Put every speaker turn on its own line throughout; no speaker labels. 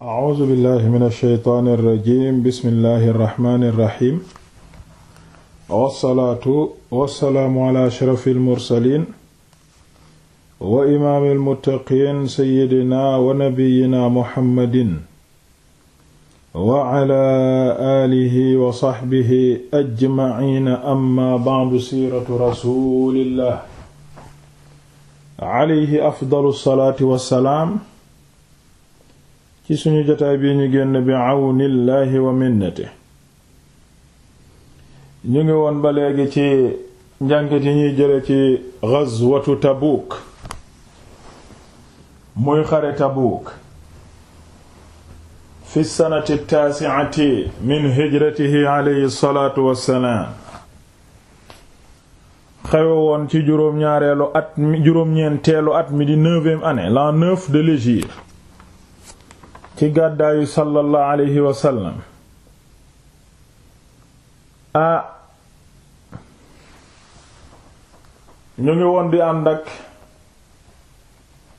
a'uuzu billahi min alsheytaani irrajim bismillahi irrahmaani irrahim wassalaatu wassalaamu ala ashrafi almursalin wa imaami almuttaqiin seyidina wa nabiyina muhammadin wa ala alihi wa saxbihi ajmaciina amma bacdu siiratu rasulillah alayhi afdalu salaati wassalaam ci suñu jotaay bi ñu génn bi àwnillaahi wa minnati ñu ngi woon ba léegi ci njàngat yi ñuy jële ci ghazwatu tabuuk muy xare tabuuk fi sanati taasi'ati min hijratihi alayhi salaatu wassalaam xewe woon ci juróom ñaareelu at mi juróom ñeenteelu at mi di neuvième année l'an neuf de l'hégire ci gàddaayu sallallahu alayhi wa sallam a ñu ngi woon di ànd ak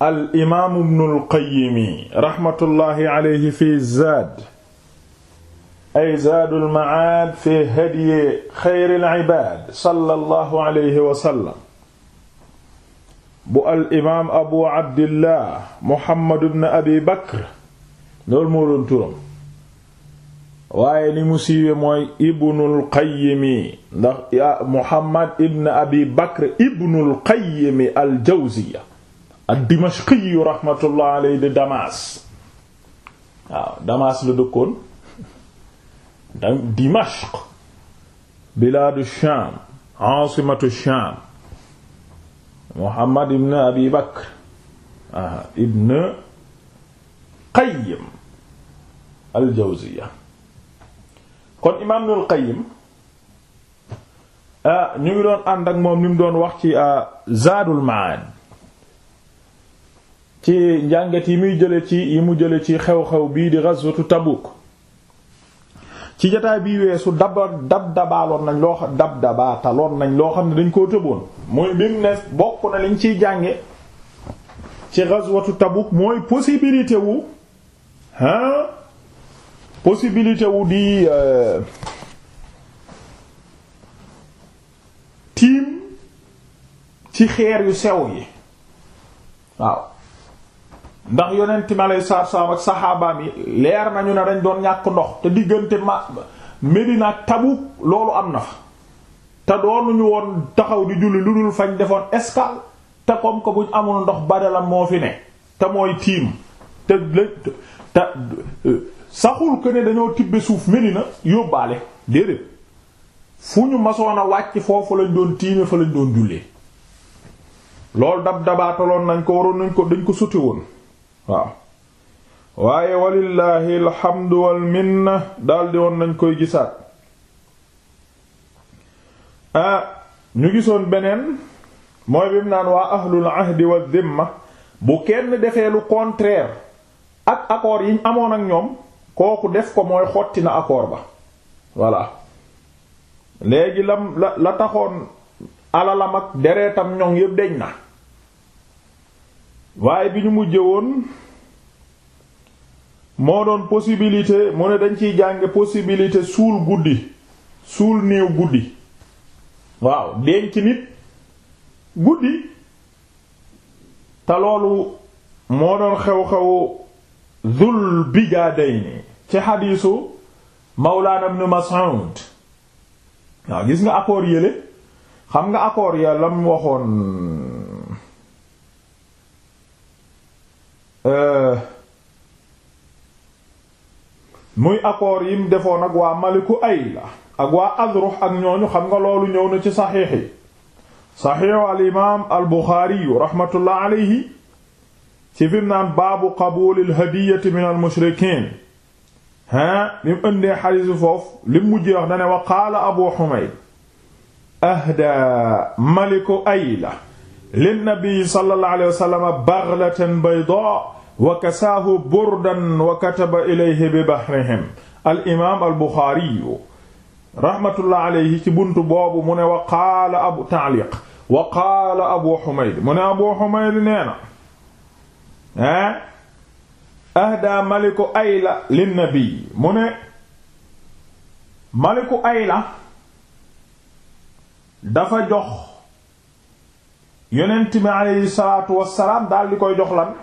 al imaamu bnul qayyimi raxmatullaahi alayhi fi zaad ay zaadul macaad fi hadyi xayril cibaad sallallahu alayhi wa sallam bu al imaam abu abdillah muhammad bn abi bakr loolu moo doon turam waaye ni mu siiwe mooy ibn abi bakr ibnul qayyimi al jawziya ad dimashqi rahmatullah alayhi de damas waaw la dëkkoon dimashq bilaadu shaam aasimatu shaam muhammad ibn abi bakr ah, ibn Qayyim al-Jawziyya kon imaam Ibnul Qayyim ah, ñu ngi doon ànd ak moom li mu doon wax ci ah, Zaadul Ma'aad ci njàngat yi muy jële ci yi mu jële ci xew-xew bii di ghazwatu Tabuk ci jataay bii weesu daba dab dabaaloon nañ loo xam dab dabaataloon nañ loo xam ne dañ koo tëboon mooy bimu ne bokk na liñ ciy jànge ci ghazwatu Tabuk mooy possibilité ah possibilité wu di euh, tiim ci xeer yu sew yi waaw ndax yonent mi aleyhi salaatu ak saxaabaam yi leer nañu ne dañ doon ñàkk ndox te diggante ma Medina ak Tabuk loolu am na fa te doonuñu woon taxaw di julli lu dul fañ defoon escale te comme que buñ amul ndox bare la moo fi ne te mooy tiim te te euh, saxul que ne dañoo tibbe suuf Medina yóbbaale déedéet fu ñu masoon a wàcc foofu lañ doon tiime fa lañ doon jullee loolu dab dabaataloon nañ ko waroon nañ ko dañ ko sote woon waaw waaye walillahi alhamdu wal minna daldi woon nañ koy gisaat ah ñu gisoon beneen mooy bi naan waa ahlul ahdi wa bu kenn defee lu contraire ak accord yiñ amoon ak ñoom kooku def ko mooy xotti na accord ba voilà léegi lam la la taxoon alalam ak deretam ñoŋ yépp deñ na waaye bi ñu mujjee woon moo doon possibilité mu ne dañ ciy jànge possibilité suul guddi suul néew guddi waaw denc nit guddi te loolu moo doon xew-xewu Dhul Bijaadayni ci xadiisu Mawlaana ibn Mas'ud waaw gis nga accord yële xam nga akoor ya lam waxoon euh, muy yi yim defoon ak waa Maliku Ayla ak waa Azrux ak ñooñu xam nga loolu ñëw na ci saxiix yi saxiixu al imaam al Buxaari rahmatullah alayhi ci bim naan baabu qabuulil hadiyati min al mushrikiin ha li mu ëndee xadisu foofu li mu mujjee wax dane wa qaala abu xumayd ahda maliku ayla linnabii sallallahu alayhi wa sallam baghlatan bayda wa kasaahu burdan wa kataba ilayhi bi bahrihim al imaam al buxaari rahmatullah alayhi ci buntu boobu mu ne wa qaala abu taaliq wa qaala abu xumayd mu ne abu xumayd nee na ah ahda maliku ayla linnabi mu ne maliku ayla dafa jox yonent bi aleyhi salaatu wassalaam daal di koy jox lan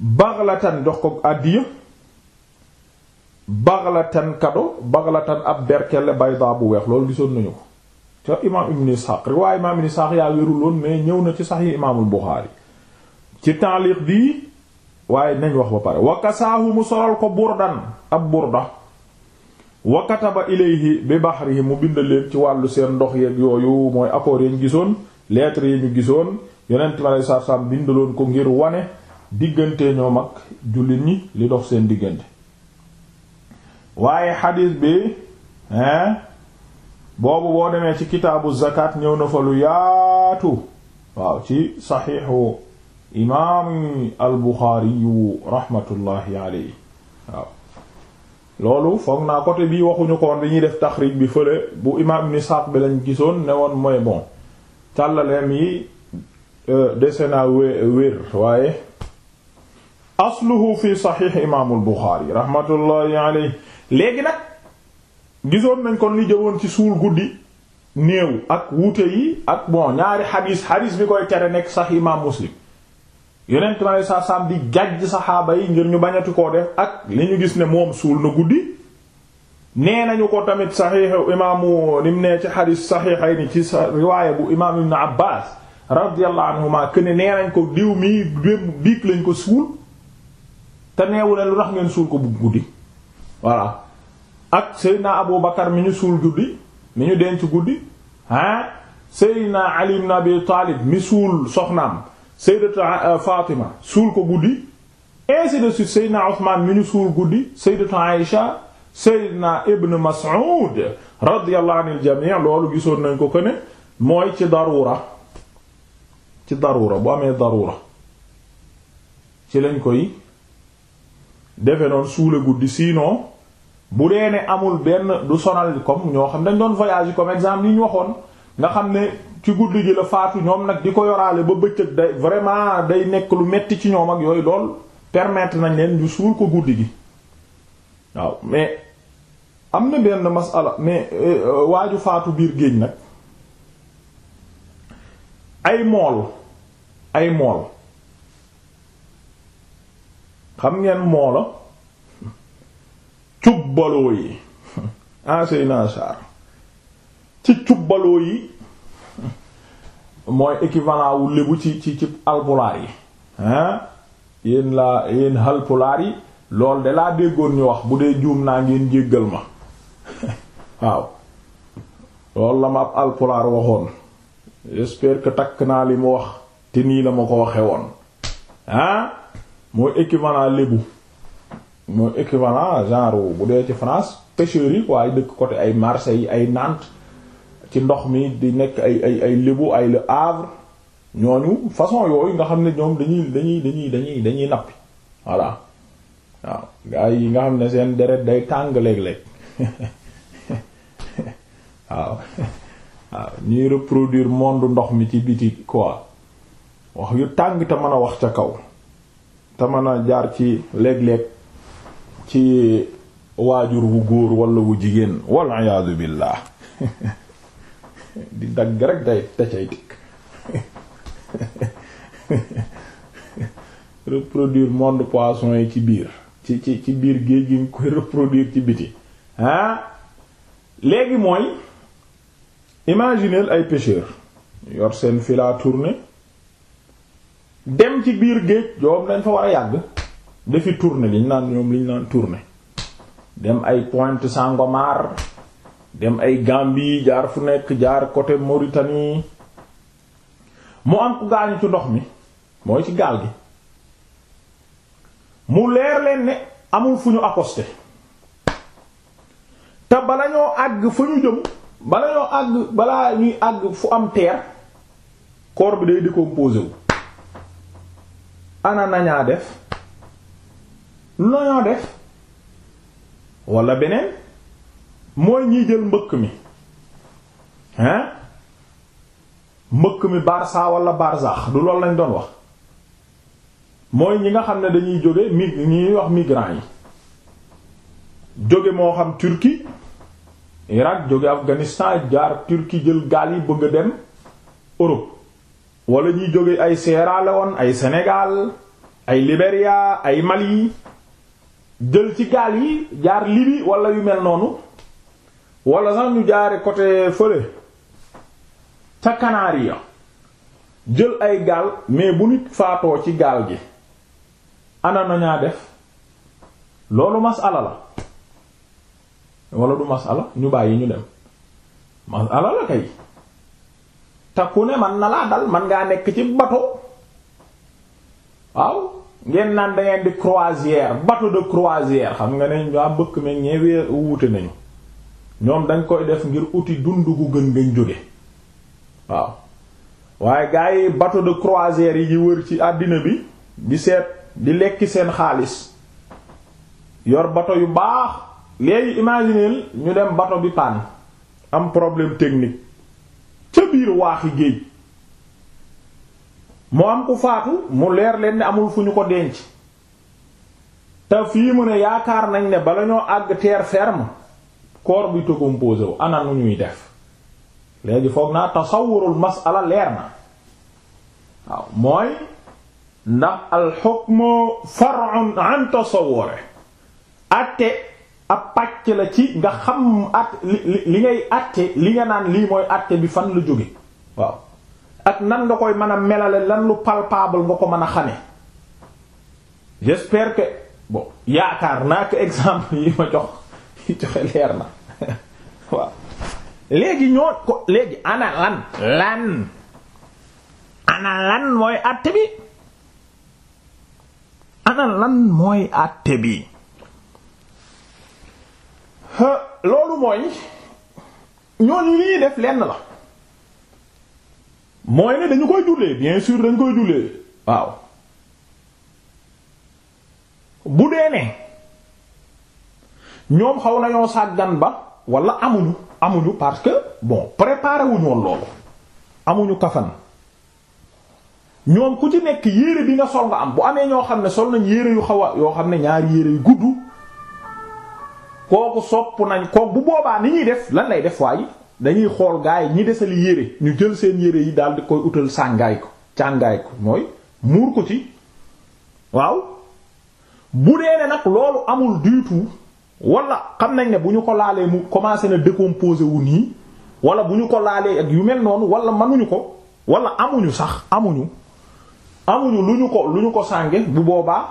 baxlatan jox ko àddiya baxlatan kado baxlatan ab berkelle bayda bu weex loolu gisoon nañu ko ca imaam ibn Ishaq riwaay imaam ibn Ishaq yaa wérul woon mais ñëw na ci sax yi imaamul Buxaari ci taaliq bii waaye nañ wax ba pare wakasaahu mu solal ko burdan ab burda wa kataba ilayhi bi bahrihi mu bind leen ci wàllu seen ndox yeeg yooyu mooy accords yi ñu gisoon lettres yi ñu gisoon yonent ma lay sarsam bindaloon ko ngir wane diggante ñoo ak jullit ñi li dox seen diggante waaye xadiis bi hein boobu boo demee ci kitaabu zakat ñëw na fa lu yaatu waaw ci saxiixu imaam al Buxaari yu rahmatullahi alayhi waaw loolu foog naa côté bii waxuñu koon woon bi ñuy def taxrij bi fële bu imaam ibn bi lañ gisoon ne woon mooy bon càllaleem yi euh, dese naa wér waaye asluhu fi saxiix imaamul Buxaari rahmatullahi alayhi léegi nag gisoon nañ kon li jëwoon ci suul guddi néew ak wuute yi ak bon ñaari xadiis xadiis bi koy tere nekk sax imaam Muslim yonent ma ne saa di jàjj saxaaba yi ngir ñu bañati koo def ak li ñu gis ne moom suul na guddi nee nañu ko tamit saxiixu imaamu nim ne ci xadis saxiixay ni ci riwaaya bu imaam ibn Abbaas radiyallahu anhuma këne nee nañ ko diw mii biig lañ ko suul te neewu ne lu tax ngeen suul ko bu guddi voilà ak Seydina Abu Bakar mi ñu suul guddi mi ñu denc guddi ah Seydina Ali ibn Abi Taalib mi suul soxnaam sayyidatu euh, Fatima suul ko guddi ainsi de suite sayyidina Usmaan mi ñu suul guddi sayyidatu Aïsha sayyidina Ibn Mas'ud radiyallahu anil jami' loolu gisoon nañ ko ko ne mooy ci daruura ci daruura bu amee daruura ci lañ koy defe noonu suule guddi sinon bu dee ne amul benn du sonal comme ñoo xam dañ doon voyage comme exemple yi ñu waxoon nga xam ne ci guddi gi la faatu ñoom nag di ko yoraale ba bëccëg day vraiment day nekk lu metti ci ñoom ak yooyu lool permettre nañ leen ñu suul ko guddi gi waaw mais am na benn masala mais euh, waaju faatu biir géej nag ay mool ay mool xam ngeen moola cubbaloo yi ensey naa saar ci cubbaloo yi mooy équivalent wu lébu ci ci ci alpulaar yi hein yéen laa yéen alpulaar yi loolu de laa déggoon ñu wax bu dee juum naa ngeen jéggal ma waaw loolu la ma ab alpulaar waxoon j'espère que takk naa li mu wax te nii la ma ko waxe woon hein mooy équivalent lébu mooy équivalent genre bu dee ci France pêcheurs yi waaye dëkk côté ay Marseille ay Nantes ci ndox mi di nekk ay ay ay Lébu ay Le Havre ñooñu façon yooyu nga xam ne ñoom dañuy dañuy dañuy dañuy dañuy nappi voilà waaw gaa yi nga xam ne seen deret day tàng léeg-léeg waaw waaw ñuy reproduire monde ndox mi ci biti quoi wax yu tàng te mën a wax ca kaw te mën a jaar ci léeg-léeg ci waajur wu góor walla wu jigéen wal iyaadu billah di dagg rek day tacay tikk reproduire monde poisson yi ci biir ci ci ci biir géej gi nga koy reproduire ci biti ah léegi mooy imaginez ay pêcheurs yor seen fila tourner dem ci biir géej joom lañ fa war a yàgg dafi tourner liñ naan ñoom liñ naan tourner dem ay Pointe Sangomar dem ay Gambie jaar fu nekk jaar côté Mauritanie mu am ku gaañu ci ndox mi mooy ci gaal gi mu leer leen ne amul fu ñu accosté te bala ñoo àgg fu ñu jëm bala ñoo àgg balaa ñuy àgg fu am teer corps bi day décomposé wu ana nañaa def lu nañoo def wala beneen mooy ñiy jël mbëkk mi hein mbëkk mi barsa wala barzax du loolu lañ doon wax mooy ñi nga xam ne dañuy jóge mi ñuy wax migrants yi jóge moo xam Turquie Irak jóge Afghanistan jaar Turquie jël gaal yi bëgg a dem Europe wala ñuy jóge ay Sierra Leone ay Sénégal ay Libéria ay Mali jël ci gaal yi jaar Libye wala yu mel noonu wala sax ñu jaare côté fële ca Canaries ya jël ay gaal mais bu nit faatoo ci gaal gi ana nañaa def loolu masala la wala du masala ñu bàyyi ñu dem masala la kay takku ne man na laa dal man ngaa nekk ci bateau waaw ngeen naan da ngeen di croisière bateau de croisière xam nga ne ñu bëkk meñ ñee wee wuute nañu ñoom dañ koy def ngir uti dund gu gën ngañ jóge waaw waaye gaa yi bateau de croisière yi wër ci àddina bi di seet di lekki seen xaalis yor bateau yu baax léegi imaginer ñu dem bateau bi panne am problème technique ca biir waaxi géej mu am ku faatu mu leer leen ne amul fu ñu ko denc te fii mu ne yaakaar nañ ne bala ñoo àgg terre ferme corps bi composé wu ana nu ñuy def léegi foog naa tasawurul masala leer na waaw mooy ndax al hukmu far'un an tasawwure ab pàcc la ci nga xam at li li ngay atte li nga naan lii mooy atte bi fan lu jóge waaw ak nan nga koy mën a melale lan lu palpable nga ko mën a xame j'espère que bon yaakaar naa que exemple yi ma jox yi joxe leer na waaw léegi ñoo ko léegi ana lan eh? lan ana lan mooy àtte bi ana lan mooy àtte bi loolu mooy ñooñu li ñuy def lenn la mooy ne dañu koy jullee bien sûr dañu koy jullee waaw bu dee ne ñoom xaw nañoo sàggan ba wala amuñu amuñu parce que bon préparé wuñoon loolu amuñu kafan ñoom ku ci nekk yére bi nga sol nga am bu amee ñoo xam ne sol nañ yére yu xaw a yoo xam ne ñaari yére yu gudd kooku sopp nañ kooku bu boobaa ni ñuy def lan lay def waaye dañuy xool yi ñi desali yére ñu jël seen yére yi daal di koy utal sàngaay ko càngaay ko mooy muur ko ci waaw bu dee ne nag loolu amul du tout wala xam nañ ne bu ñu ko laalee mu commencé na décomposer wu nii wala bu ñu ko laalee ak yu mel noonu wala mënuñu ko wala amuñu sax amuñu amuñu lu ñu ko lu ñu ko sànge bu boobaa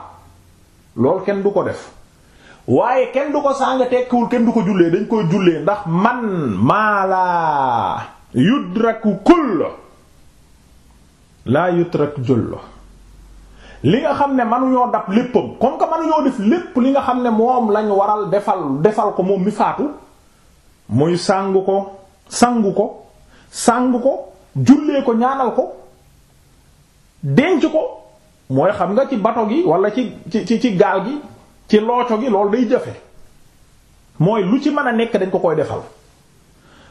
lool kenn du ko def waaye kenn du ko sànge tekkiwul kenn du ko jullee dañ koy jullee ndax man maa laa yudraku kull laa jul jullo li nga xam ne manuñoo dab léppam comme que manuñoo def lépp li nga xam ne moom lañu waral defal defal ko moom mi faatu muy sangu ko sangu ko sangu ko jullee ko ñaanal ko denc ko mooy xam nga ci bato gi wala ci ci ci gaal gi ci looco gi loolu day jafe mooy lu ci mën a nekk dañ ko koy defal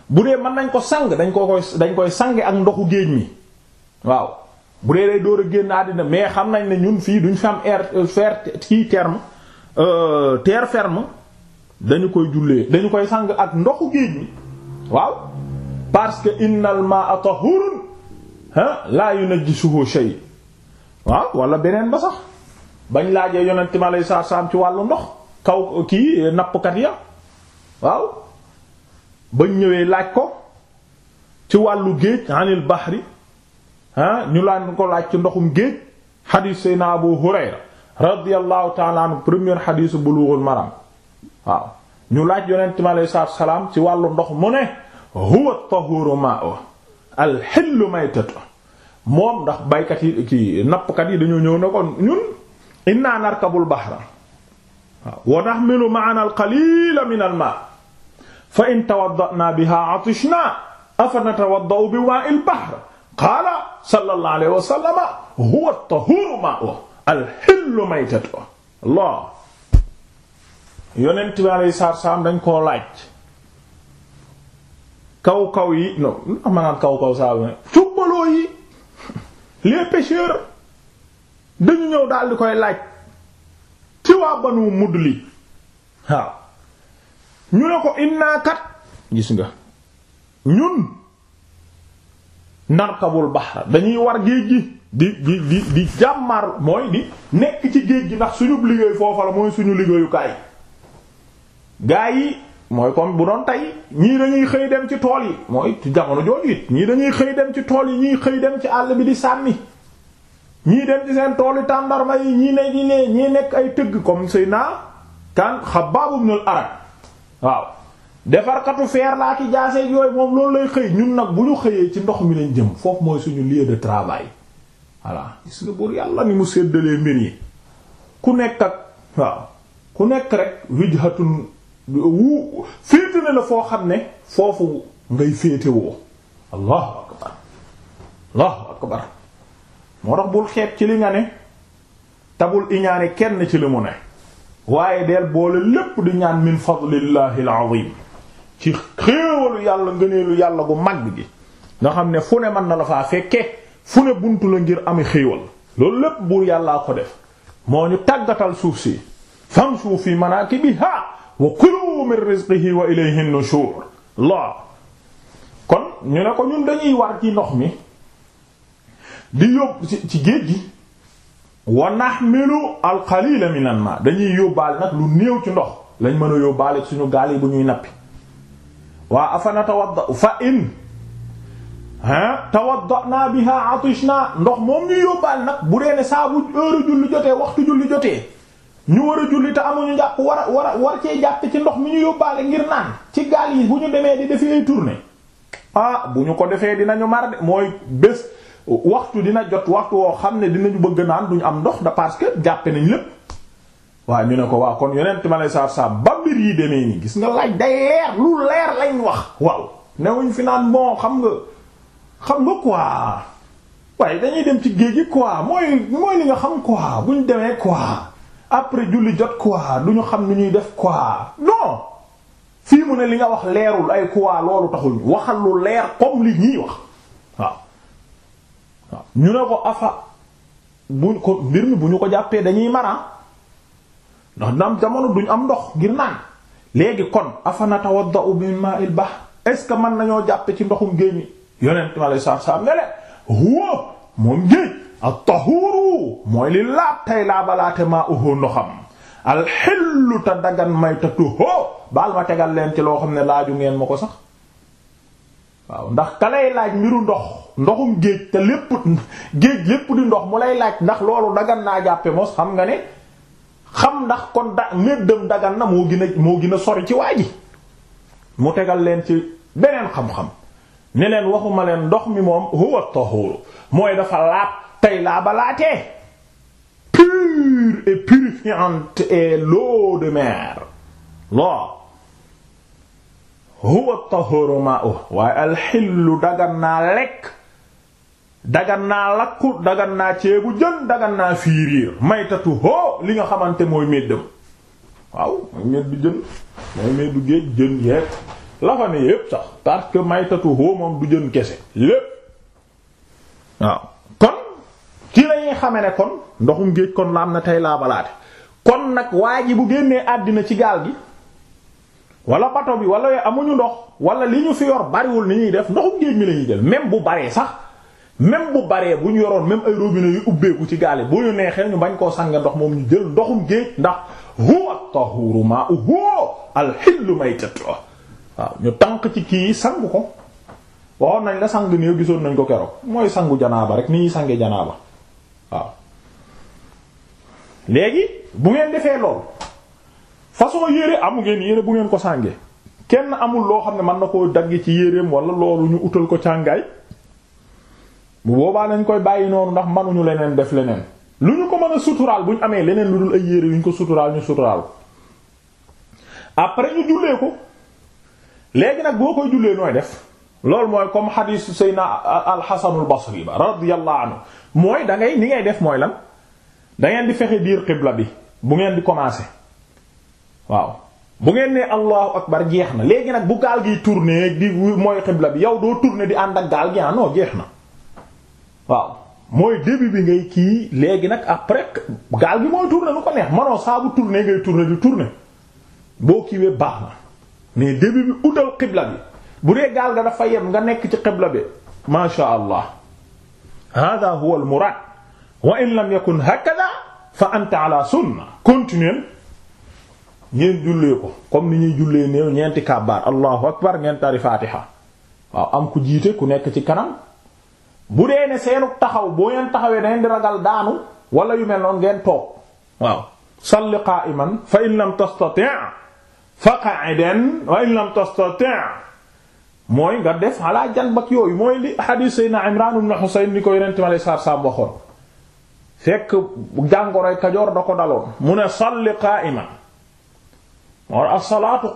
bu dee mën nañ ko sang dañ ko koy dañ koy sange ak ndoxu géej mi waaw bu dee day door a génn àddina mais xam nañ ne ñun fii duñ fi am air euh, fer kii terme euh, terre ferme dañu koy jullee dañu koy sàng ak ndoxu géej mi waaw parce que innal ma'a tahurun ha la yunajjisuhu shay waaw wala beneen ba sax bañ laajee yonent ma lay saar ci wàllu ndox kaw kii nappkat ya waaw bañ ñëwee laaj ko ci wàllu géej anil bahri ah ñu laan ko laaj ci ndoxum géej xadiis sayna Abu Hurayra radiyallahu taala premier xadiisu bulughul maram ñu laaj yonent mi alayhi salaatu salaam ci wàllu ndox mu ne huwa tahuru ma'u al hillu maytatu moom ndax baykat yi ki nappkat yi dañoo ñëw ne ko ñun inna narkabul bahra wa nahmilu ma'ana al qalila min al ma' fa in tawadda'na biha atishna afa natawadda'u bi ma'il bahr qaala sallallahu alayhi wa sallam huwa at-tahuuru maa'uhu al-hillu maytatuhu yonent bi alayhi salaam dañ koo laaj kaw kaw yi non ndax ma naan kaw kaw saa ne cubbaloo yi les pêcheurs dañu ñëw daal di koy laaj ci waa Banu Mudli waaw ñu ne ko inna kat gis nga ñun. narkabul bahra dañuy war géej gi di di di di jàmmar mooy di nekk ci géej gi ndax suñu liggéey foofa la mooy suñu liggéeyukaay gaa yi mooy comme bu doon tey ñii dañuy xëy dem ci tool yi mooy jamono jooju it ñii dañuy xëy dem ci tool yi ñii xëy dem ci àll bi di sànni ñii dem ci seen tool yi tàndarma yi ñii ne ñii nekk ay tëgg comme sëy naa kan Xabbaab ibn al-Arat waaw defarkatu feer laa ki jaaseeg yooyu moom loolu lay xëy ñun nag bu ñu xëyee ci ndox mi lañ jëm foofu mooy suñu lieu de travail gis nga buur yàlla ni mu séddalee mbir yi ku nekk ak waaw ku nekk rek wijhatun wu féete na la foo xam ne foofu ngay féete woo allahu akbar allahu akbar moo tax bul xeeb ci li nga ne tabul iñaane kenn ci li mu ne waaye deel boole lépp di ñaan min fadlillahi alazim ci xéewalu yàlla ngëneelu yàlla gu mag gi nga xam ne fu ne mën na la faa fekke fu ne buntu la ngir am xéewal loolu lépp buur yàllaa ko def moo ñu tàggatal suuf si famshu fi manakibiha wa kulu min rizqihi wa ilayhi nushur la kon ñu ne ko ñun dañuy war ci ndox mi di yóbbu ci géej gi wa nahmilu al qalila minan dañuy yóbbaale nag lu néew ci ndox lañ mën a yóbbaale suñu gaal yi bu ñuy nappi waa afana tawadda fa naa ah tawadda'na biha atishna ndox moom ñuy yóbbaal nag bu dee ne saa bu heure julli jotee waxtu julli jotee ñu war a julli te amuñu jàpp war a war cee jàpp ci ndox mu ñu yóbbaale ngir naan ci gaal yi bu ñu demee di defi ay tournée ah bu ñu ko defee dinañu mar de mooy bés waxtu dina jot waxtu woo xam ne dinañu bëgg naan ñu am ndox da parce que jàppe nañ lépp. waaw ñu ne ko waaw kon yonent ma lay saaf saaf ba mbir yi demee nii gis nga laaj day leer lu leer lañ wax waaw newuñ fi naan bon xam nga xam nga quoi waaye dañuy dem ci géej gi quoi mooy mooy li nga xam quoi buñ demee quoi après julli jot quoi ñu xam ni ñuy def quoi non fii mu ne li nga wax leerul ay quoi loolu taxul ñu waxal lu leer comme li ñuy wax waaw ñu ne ko afa buñ ko mbir mi bu ñu ko jàppee dañuy mara ndax ndam jamono duñ am ndox ngir naan léegi kon afanata tawadda'u min ma'il bahr est-ce que mën nañoo jàppee ci ndoxum géej mi yonent ma lay saar saar ne leen huwa moom géej at-tahuru mooy li laab laa laabalaate maa uhu ndoxam alxillu te dagan may te tuhoo baal ma tegal leen ci loo xam ne laaju ngeen ma ko sax waaw ndax ka laaj mbiru ndox ndoxum géej te lépp géej lépp di ndox mu lay laaj ndax loolu daggan naa jàppe mos xam nga ne xam ndax kon da néddam dagan na moo gën moo gën a sori ci waa mu tegal leen ci beneen xam-xam ne leen waxuma leen ndox mi moom huwa tahuru mooy dafa laab tey laaba laatee pur et purifiante est l'eau de mer loo huwa tahuru ma'u waaye alxillu dagan naa lekk dagan naa lakku dagan naa ceebu jën dagan naa fiiriir maytatu hoo li nga xamante mooy meddam waaw mooy meddu jën mooy meddu géej jën yeeg la fa ne yépp sax parce que maytatu hoo moom du jën kese lépp waaw kon ci lañuy xame ne kon ndoxum géej kon la am na tey laa balaate kon nag waa ji bu génnee àddina ci gaal gi wala bato bi wala amuñu ndox wala li ñu fi yor bariwul ni ñuy def ndoxum géej mi lañuy jël même bu baree sax même bu baree bu ñu yoroon même ay robinet yu ubbeeku ci gaale bu ñu neexee ñu bañ koo sànge ndox moom ñu jël ndoxum géej ndax huwa tahuru ma'uhu al-hillu maytatu waaw ñu tànq ci kii yi sangu ko waxoon nañ la sang néew gisoon nañ ko keroog mooy sangu janaaba rek ni ñuy sange janaaba waaw léegi bu ngeen defee lool façon yére amu ngeen yére bu ngeen ko sànge kenn amul loo xam ne mën na koo dagg ci yéreem wala loolu ñu utal ko càngaay bu boobaa nañ koy bàyyi noonu ndax mënuñu leneen def leneen lu ñu ko mën a suturaal bu ñu amee leneen lu dul ay yére yu ñu ko suturaal ñu suturaal après ñu jullee ko léegi nag boo koy jullee nooy def loolu mooy comme xadiis Seydina alxasanul basri ba radiyallahu anhu mooy da ngay ni ngay def mooy lan da ngeen di fexe biir xibla bi bu ngeen di commencer waaw bu ngeen nee allahu akbar jeex na léegi nag bu gaal giy turne di mooy xibla bi yow doo tourner di ànd ak gaal gi ah jeex na waaw mooy début bi ngay kii léegi nag après gaal gi mooy tourner lu ko neex manoo saabu tourner ngay tourner di tourner boo kiiwee baax na mais début bi utal xibla bi bu dee gaal ga dafa yem nga nekk ci xibla bi masha allah hada huwa al murad wa in lam yakun hakada fa anta ala ko comme ni ñuy jullee néew ñeenti kàbbaar allahu akbar ngeen tari fatiha waaw am ku jiite ku nekk ci kanam bu dee ne seenu taxaw boo ngeen taxawee da ngeen di ragal daanu wala yu mel noonu ngeen toog waaw salli qa'iman fa in lam tastati' fa qa'idan wa in lam tastati' mooy nga def ala janbak yooyu mooy li hadith sayna Imran ibn Husayn ni ko yonente mi alayhi salaatu waxoon fekk jàngoroy kajoor da ko daloon mu ne salli qa'iman wa as-salaatu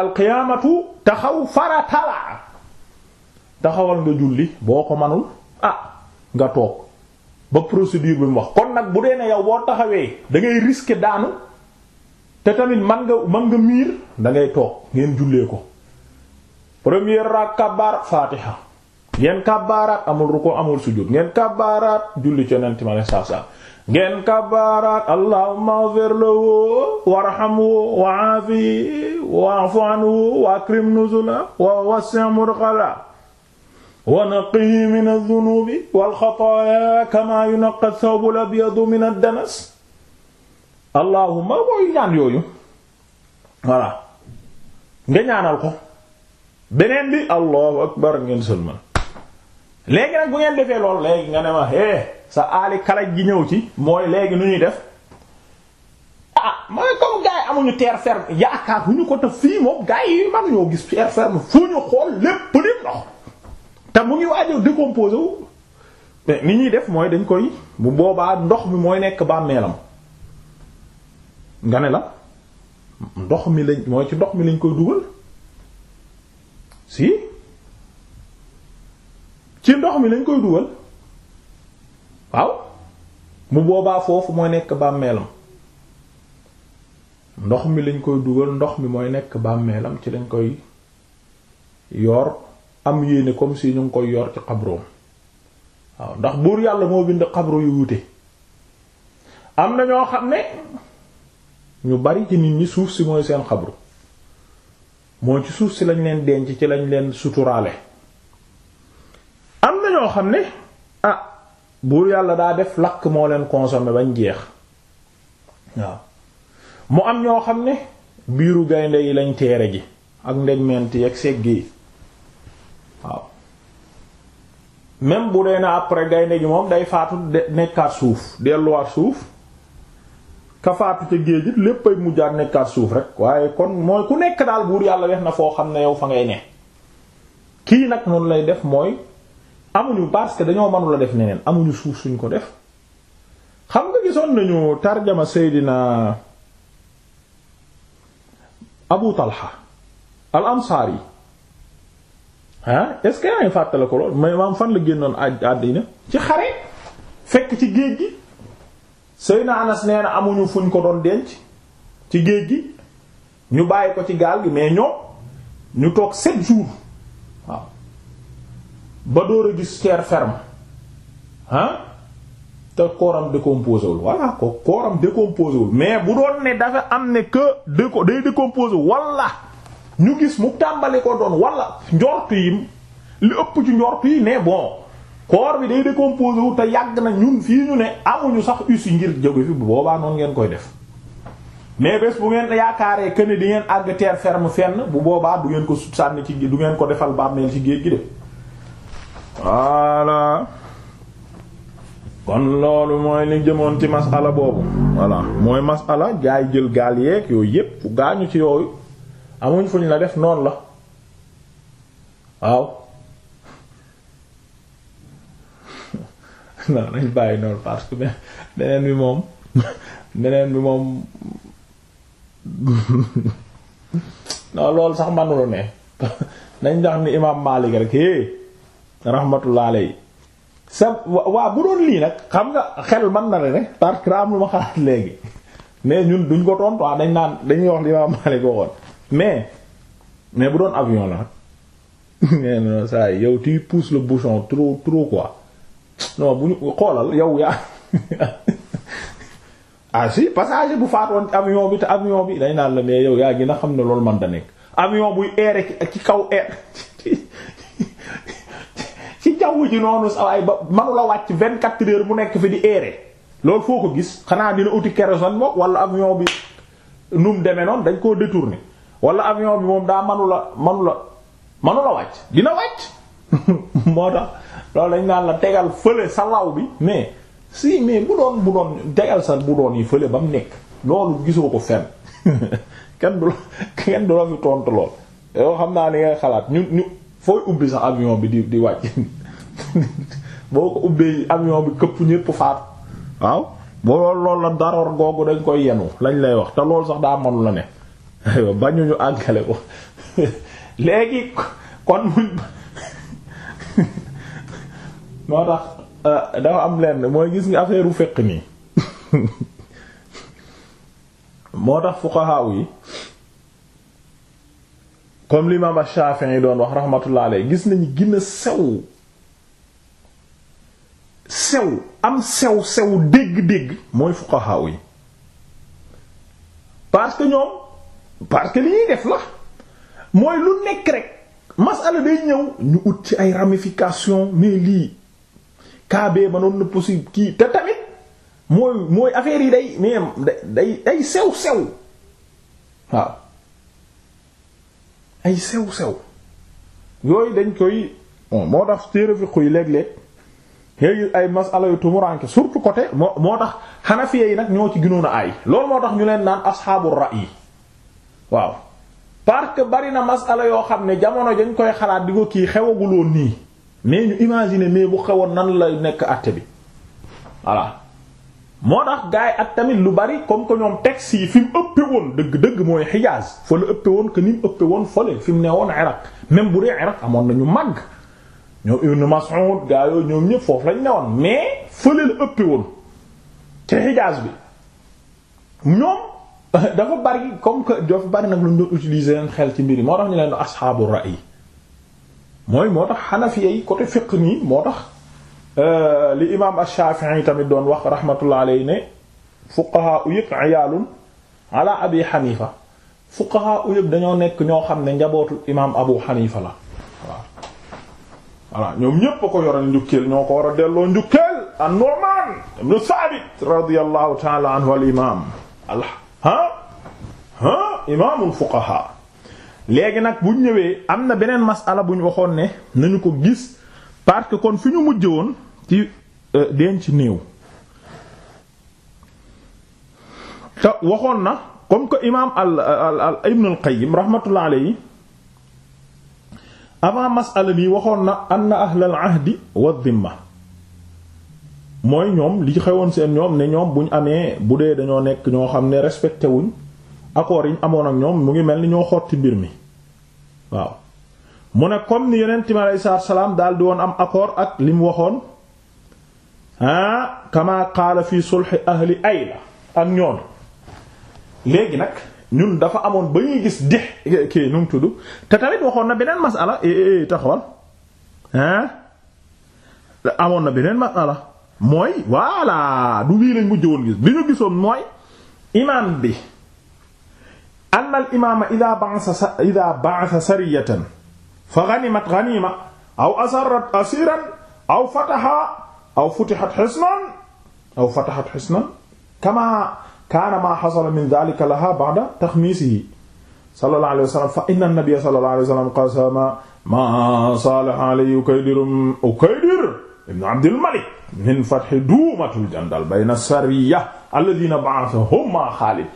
al-qiyaamatu taxaw faratala taxawal nga julli boo ko manul ah nga toog ba procédure bi mu wax kon nag bu dee ne yow boo taxawee dangay ngay risquer daanu te tamit man nga man nga miir da toog ngeen jullee ko première rak kabaar fatiha ngeen kabaaraat amul ruku amul sujud ngeen kabaaraat julli ci yonent ma ne saa ngeen kabaaraat allahumma ighfir lahu warhamhu wa'afi wa'fu anhu wa akrim nuzula wa wasi' mudkhala wa naqii min adh-dhunubi wal khataaya kama yunqqa ath-thawbu al-abyadu min yooyu voilà nga ñaanal ko beneen bi allahu akbar ngeen sëlmal léegi nag bu ngeen defee lool léegi nga ne ma hee sa aali kalaj gi ñëw ci mooy léegi nu ñuy def ah mooy comme gars yi amuñu terre ferme yaakaar fu ñu ko te fii moom gars yi man ñoo gis terre ferme fu ñu xool lépp lépp ndox te mu ngi waaj a décomposé wu mais ni ñuy def mooy dañ koy bu boobaa ndox mi mooy nekk bàmmeelam nga ne la ndox mi lañ mooy ci ndox mi lañ koy dugal si ci ndox mi lañ koy dugal waaw bu boobaa foofu mooy nekk bàmmeelam ndox mi lañ koy dugal ndox mi mooy nekk bàmmeelam ci lañ koy yor. am yéene comme si ñu ngi koy yor ci xabroom waaw ndax buur yàlla moo bind xabro yu wute am na ñoo xam ne ñu bari ci nit ñi suuf si mooy seen xabru moo ci suuf si lañ leen denc ci lañ leen suturaale am na ñoo xam ne ah buur yàlla daa def lakk moo leen consommé bañ jeex waaw mu am ñoo xam ne biiru gaynde yi lañ teere ji ak ndegment yi ak segg waaw même bu dee na après gaynde gi moom day faatu nekkaat suuf delluwaat suuf ka faatu ca géej lépp ay mujjaat nekkaat suuf rek waaye kon mooy ku nekk daal buur yàlla def na foo xam ne yow fa ngay ne kii nag noonu lay def mooy amuñu parce que dañoo mënula def neneen amuñu suuf suñ ko def xam nga gisoon nañu tarjama Seydina Abu Talha al yi ah est-ce que yaa ngi fàttale ko loolu mais maam fan la génnoon àddina ci xare fekk ci géej gi Seydina Anas nee na amuñu fuñ ko doon denc ci géej gi ñu bàyyi ko ci gaal gi mais ñoom ñu toog sept jours ba door a gis terre ferme ah te kooram décomposé wul ko kooram décomposé wul mais bu doon ne dafa am ne que déco day décomposé walla ñu gis mu tàmbali ko doon wala njortu yi li ëpp ci njortu yi ne bon corps bi day décomposé wu te yàgg na ñun fii ñu ne amuñu sax ussi ngir jóge fi boobaa noonu ngeen koy def mais bés bu ngeen yaakaaree que ne di ngeen àgg terre ferme fenn bu boobaa du ngeen ko sànni ci du ngeen ko defal bàmmeel ci géej gi de voilà kon loolu mooy li jëmoon ci masala boobu voilà mooy masala gaay jël gaal yeeg yooyu yépp gaañu ci yooyu amuñ fuñ la def noonu la waaw non nañ bàyyi noonu parce que beneen bi moom beneen bi moom non loolu sax manula ne nañ jox ni imaam Maalik rek é eh, rahmatullah alayhi sa waa bu doon lii nag xam nga xel mën na le ne parce que am lu ma xalaat léegi mais ñun duñ ko tontu dañ naan dañuy wax li imaam Maalik waxoon mais mais bu doon avion la mais non ça yow tu pousses la bouchon trop trop quoi non bu ñu xoolal yow yaa ah si passager bu faatoon avion bi te avion bi dañ naan la mais yow yaa gën xam ne loolu man da nekk avion buy eere ci kaw eer ci jaww ji noonu sawaay ba manu la wàcc vingt quatre heures bu nekk fi di eere lool foo ko gis xanaa dina uti kérosène moom wala avion bi nu mu demee noonu dañ koo détourner wala avion bi moom daa manula manula manula wàcc dina wàcc moo tax loolu lañ naan la tegal fële sa law bi mais si mais bu doon bu doon tegal sa bu doon yi fële ba mu nekk loolu gisoo ko fenn kenn du kenn du la fi tontu lool yoo xam naa li ngay xalaat ñu ñu fooy ubbi sax avion bi di di wàcc boo ko ubbee avion bi këpp ñépp faat waaw boo loolu la daroor googu dañ koy yenu lañ lay wax te loolu sax daa manu la ne aywa bañuñu àggale ko léegi kon mu moo tax euh, dafa am lenn mooy gis nga affaire u fiqh nii moo tax fuqaha yi comme l'imam yi doon wax rahmatullah gis nañu gën sew sew am sew sew dégg-dégg mooy fuqaha yi parce ñoom parce que li ñuy def la mooy lu nekk rek masala day ñëw ñu ut ci ay ramification mais lii kaabee mënoon na possible kii te tamit mooy mooy affaire yi day mais day day sew sew waaw ay sew sew yooyu dañ koy moo tax téere fiqh yi léeg-léeg yooyu ay masala yu tumuranke surtout côté moo moo tax xanafiya yi nag ñoo ci gënoon ay aay loolu moo tax ñu leen naan asxaabu ra'yi waaw parce que bari na masala yoo xam ne jamono dañ koy xalaat di ko kii xewaguloon nii mais ñu imaginer mais bu xewoon nan lay nekk àtte bi voilà moo tax gars yi ak tamit lu bari comme que ñoom texte yi fi mu ëppe woon dëgg-dëgg mooy Hijaz fa la woon que ni mu ëppe woon fële fi mu ne woon Irak même bu dee Irak amoon nañu màgg ñoom Ibn Mas'ud gaa ñoom ñëpp foofu lañ newoon mais fële la ëppe woon te Hijaz bi ñoom dafa bari comme que nag lu ñu doon utiliser xel ci mbir yi moo tax ñu leen asxaabu ra'yi mooy moo tax xanafiya yi côté fiqh nii moo tax euh, li imaam ash-Shafi'i tamit doon wax rahmatullah alayhi ne fuqaha yëpp dañoo nekk ñoo xam ne njabootu imaam abu xanifa la waaw voilà ñoom ñépp ko yoral njukkeel ñoo ko war a delloo njukkeel an-Nu'man ibn Sabit radiyallahu ta'ala al imam ah ah imaamul fuqaha léegi nag buñ ñëwee am na beneen masala bu ñu waxoon ne nañu ko gis parce que kon fi ñu mujj woon ci euh, denc néew te waxoon na comme que imaam al al al qayyim rahmatullah alayhi avant masala bi waxoon na anna ahlal ahdi wa dhimma mooy ñoom li ci xewoon seen ñoom ne ñoom bu ñu amee bu dee dañoo nekk ñoo xam ne respecté wuñ accords yi amoon ak ñoom mu ngi mel ni ñoo xotti mbir mi waaw mu ne comme ni yeneen mi aleyi salaam daal di woon am accord ak li mu waxoon ah kama qaala fi sulhi ahli ayla ak ñoom léegi nag ñun dafa amoon ba ñuy gis dex kii nu mu tudd te tamit waxoon na beneen masala eh, eh, eh, taxawal ah amoon na beneen ala mooy voilà du wii lañ mujj woon gis bi ñu gisoon mooy imaam bi anna al imaama ida ba'atha ida ba'atha sariyatan fa ghanimat ghanima aw asarrat asiran aw fataha aw futihat hisnan aw fatahat hisnan kama kaana maa hasala min dhalika laha ba'da takhmisihi sallallahu alayhi wa sallam fa inna an-nabiyya sallallahu alayhi wa sallam qasama ma salaha alayhi ukaydir ukaydir ibn abd al malik min fathi duumatul jandal bayna sariya alladina ba'athahum ma Xaalid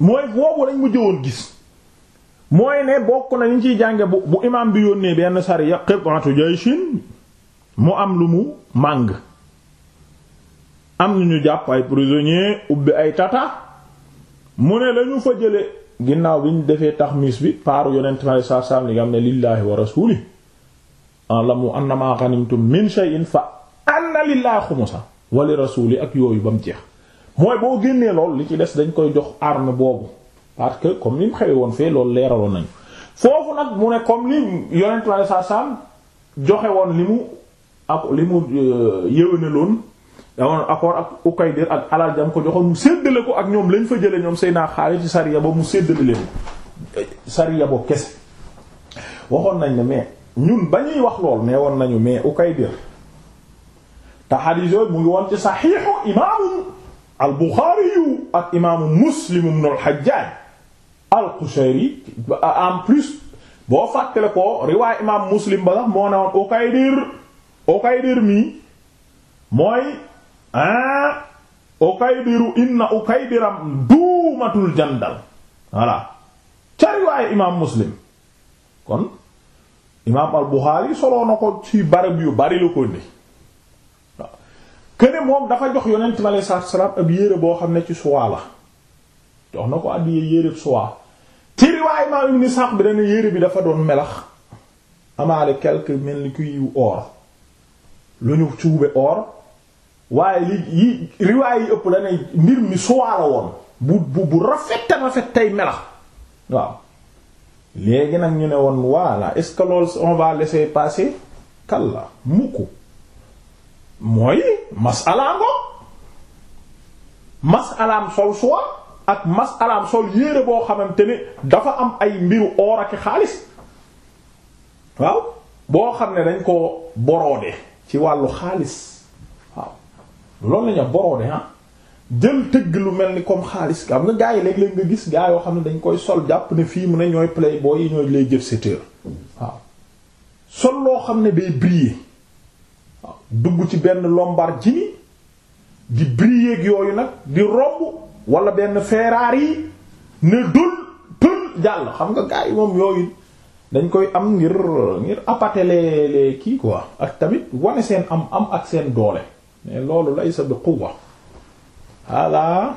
mooy boobu lañ mu jëwoon gis mooy ne bokk na ñu jànge bu bu imaam bi yónnee benn sariya qit'atu jayshin mu am lu mu màng am ñu ñu jàpp ay prisonnier ubbi ay tata mu ne lañu fa jële ginnaaw bi ñu defee taxmis bi paaru yonent ma saa saam li nga xam ne lillaahi wa rasuuli alamu annama ghanimtum min shay'in fa lillahi xumusa wali rasuli ak yooyu ba mu jeex mooy boo génnee lool li ci des dañ koy jox arme boobu parce que comme li mu xewe woon fee loolu leeraloon nañu foofu nag mu ne comme li yonent bi aleyhis salaatu salaam joxe woon li mu ak li mu euh, yéwénaloon damoon accord ak Ukaydir ak alal jam ko joxoon mu séddale ko ak ñoom lañ fa jële ñoom Seydina Xaalid ci sariya ba mu séddale leen sariya boo kese waxoon nañ ne mais ñun ba ñuy wax lool nee woon nañu mais Ukaydir te xadiis yooyu mu ngi woon ci saxiixu imaamu al-Buxaari ak imaamu Muslim ibn al-Hajjaaj al-Qushayri en plus boo fàttale ko riwaay imaam Muslim ba sax moo ne woon mi mooy ah Ukaydiru inna Ukaydiram duumatul jandal voilà ca riwaay imaam Muslim kon imaam al-Buxaari soloo ko ci barab yu ko indi këne moom dafa jox yonent mi aleyhi salaatu salaam ab yére boo xam ne ci suwaa la jox na ko àddi yére suwaa ci yére bi dafa doon melax amaale quelque mel ni kuy or lu ñu suube or waaye li yi riwaay yi ëpp dana mbir mi suwaa la woon bu bu bu rafet rafet melax waaw léegi nag ñu ne woon voilà est-ce que loolu on va laisser passer kalla mukk mooy masalaam ko masalaam sol suwa ak masalaam sol yére boo xamante ne dafa am ay mbiru or xaalis waaw boo xam ne dañ ko boroode ci wàllu xaalis waaw loolu lañu boroode ah jël tëgg lu mel ni comme xaalis xam nga gaa yi léeg-léeg nga gis gaa yoo xam ne dañ koy sol jàpp ne fii mu ne ñooy playboy yi ñooy lay jëf seteur sol loo xam ne day briller dugg ci benn Lamborghini di briller yooyu nag di romb wala benn Ferrari ne dul pël jàll xam nga gars moom yooyu dañ koy am ngir ngir appâter les les kii quoi ak tamit wane seen am am ak seen doole mais loolu lay sa bi quwwa ala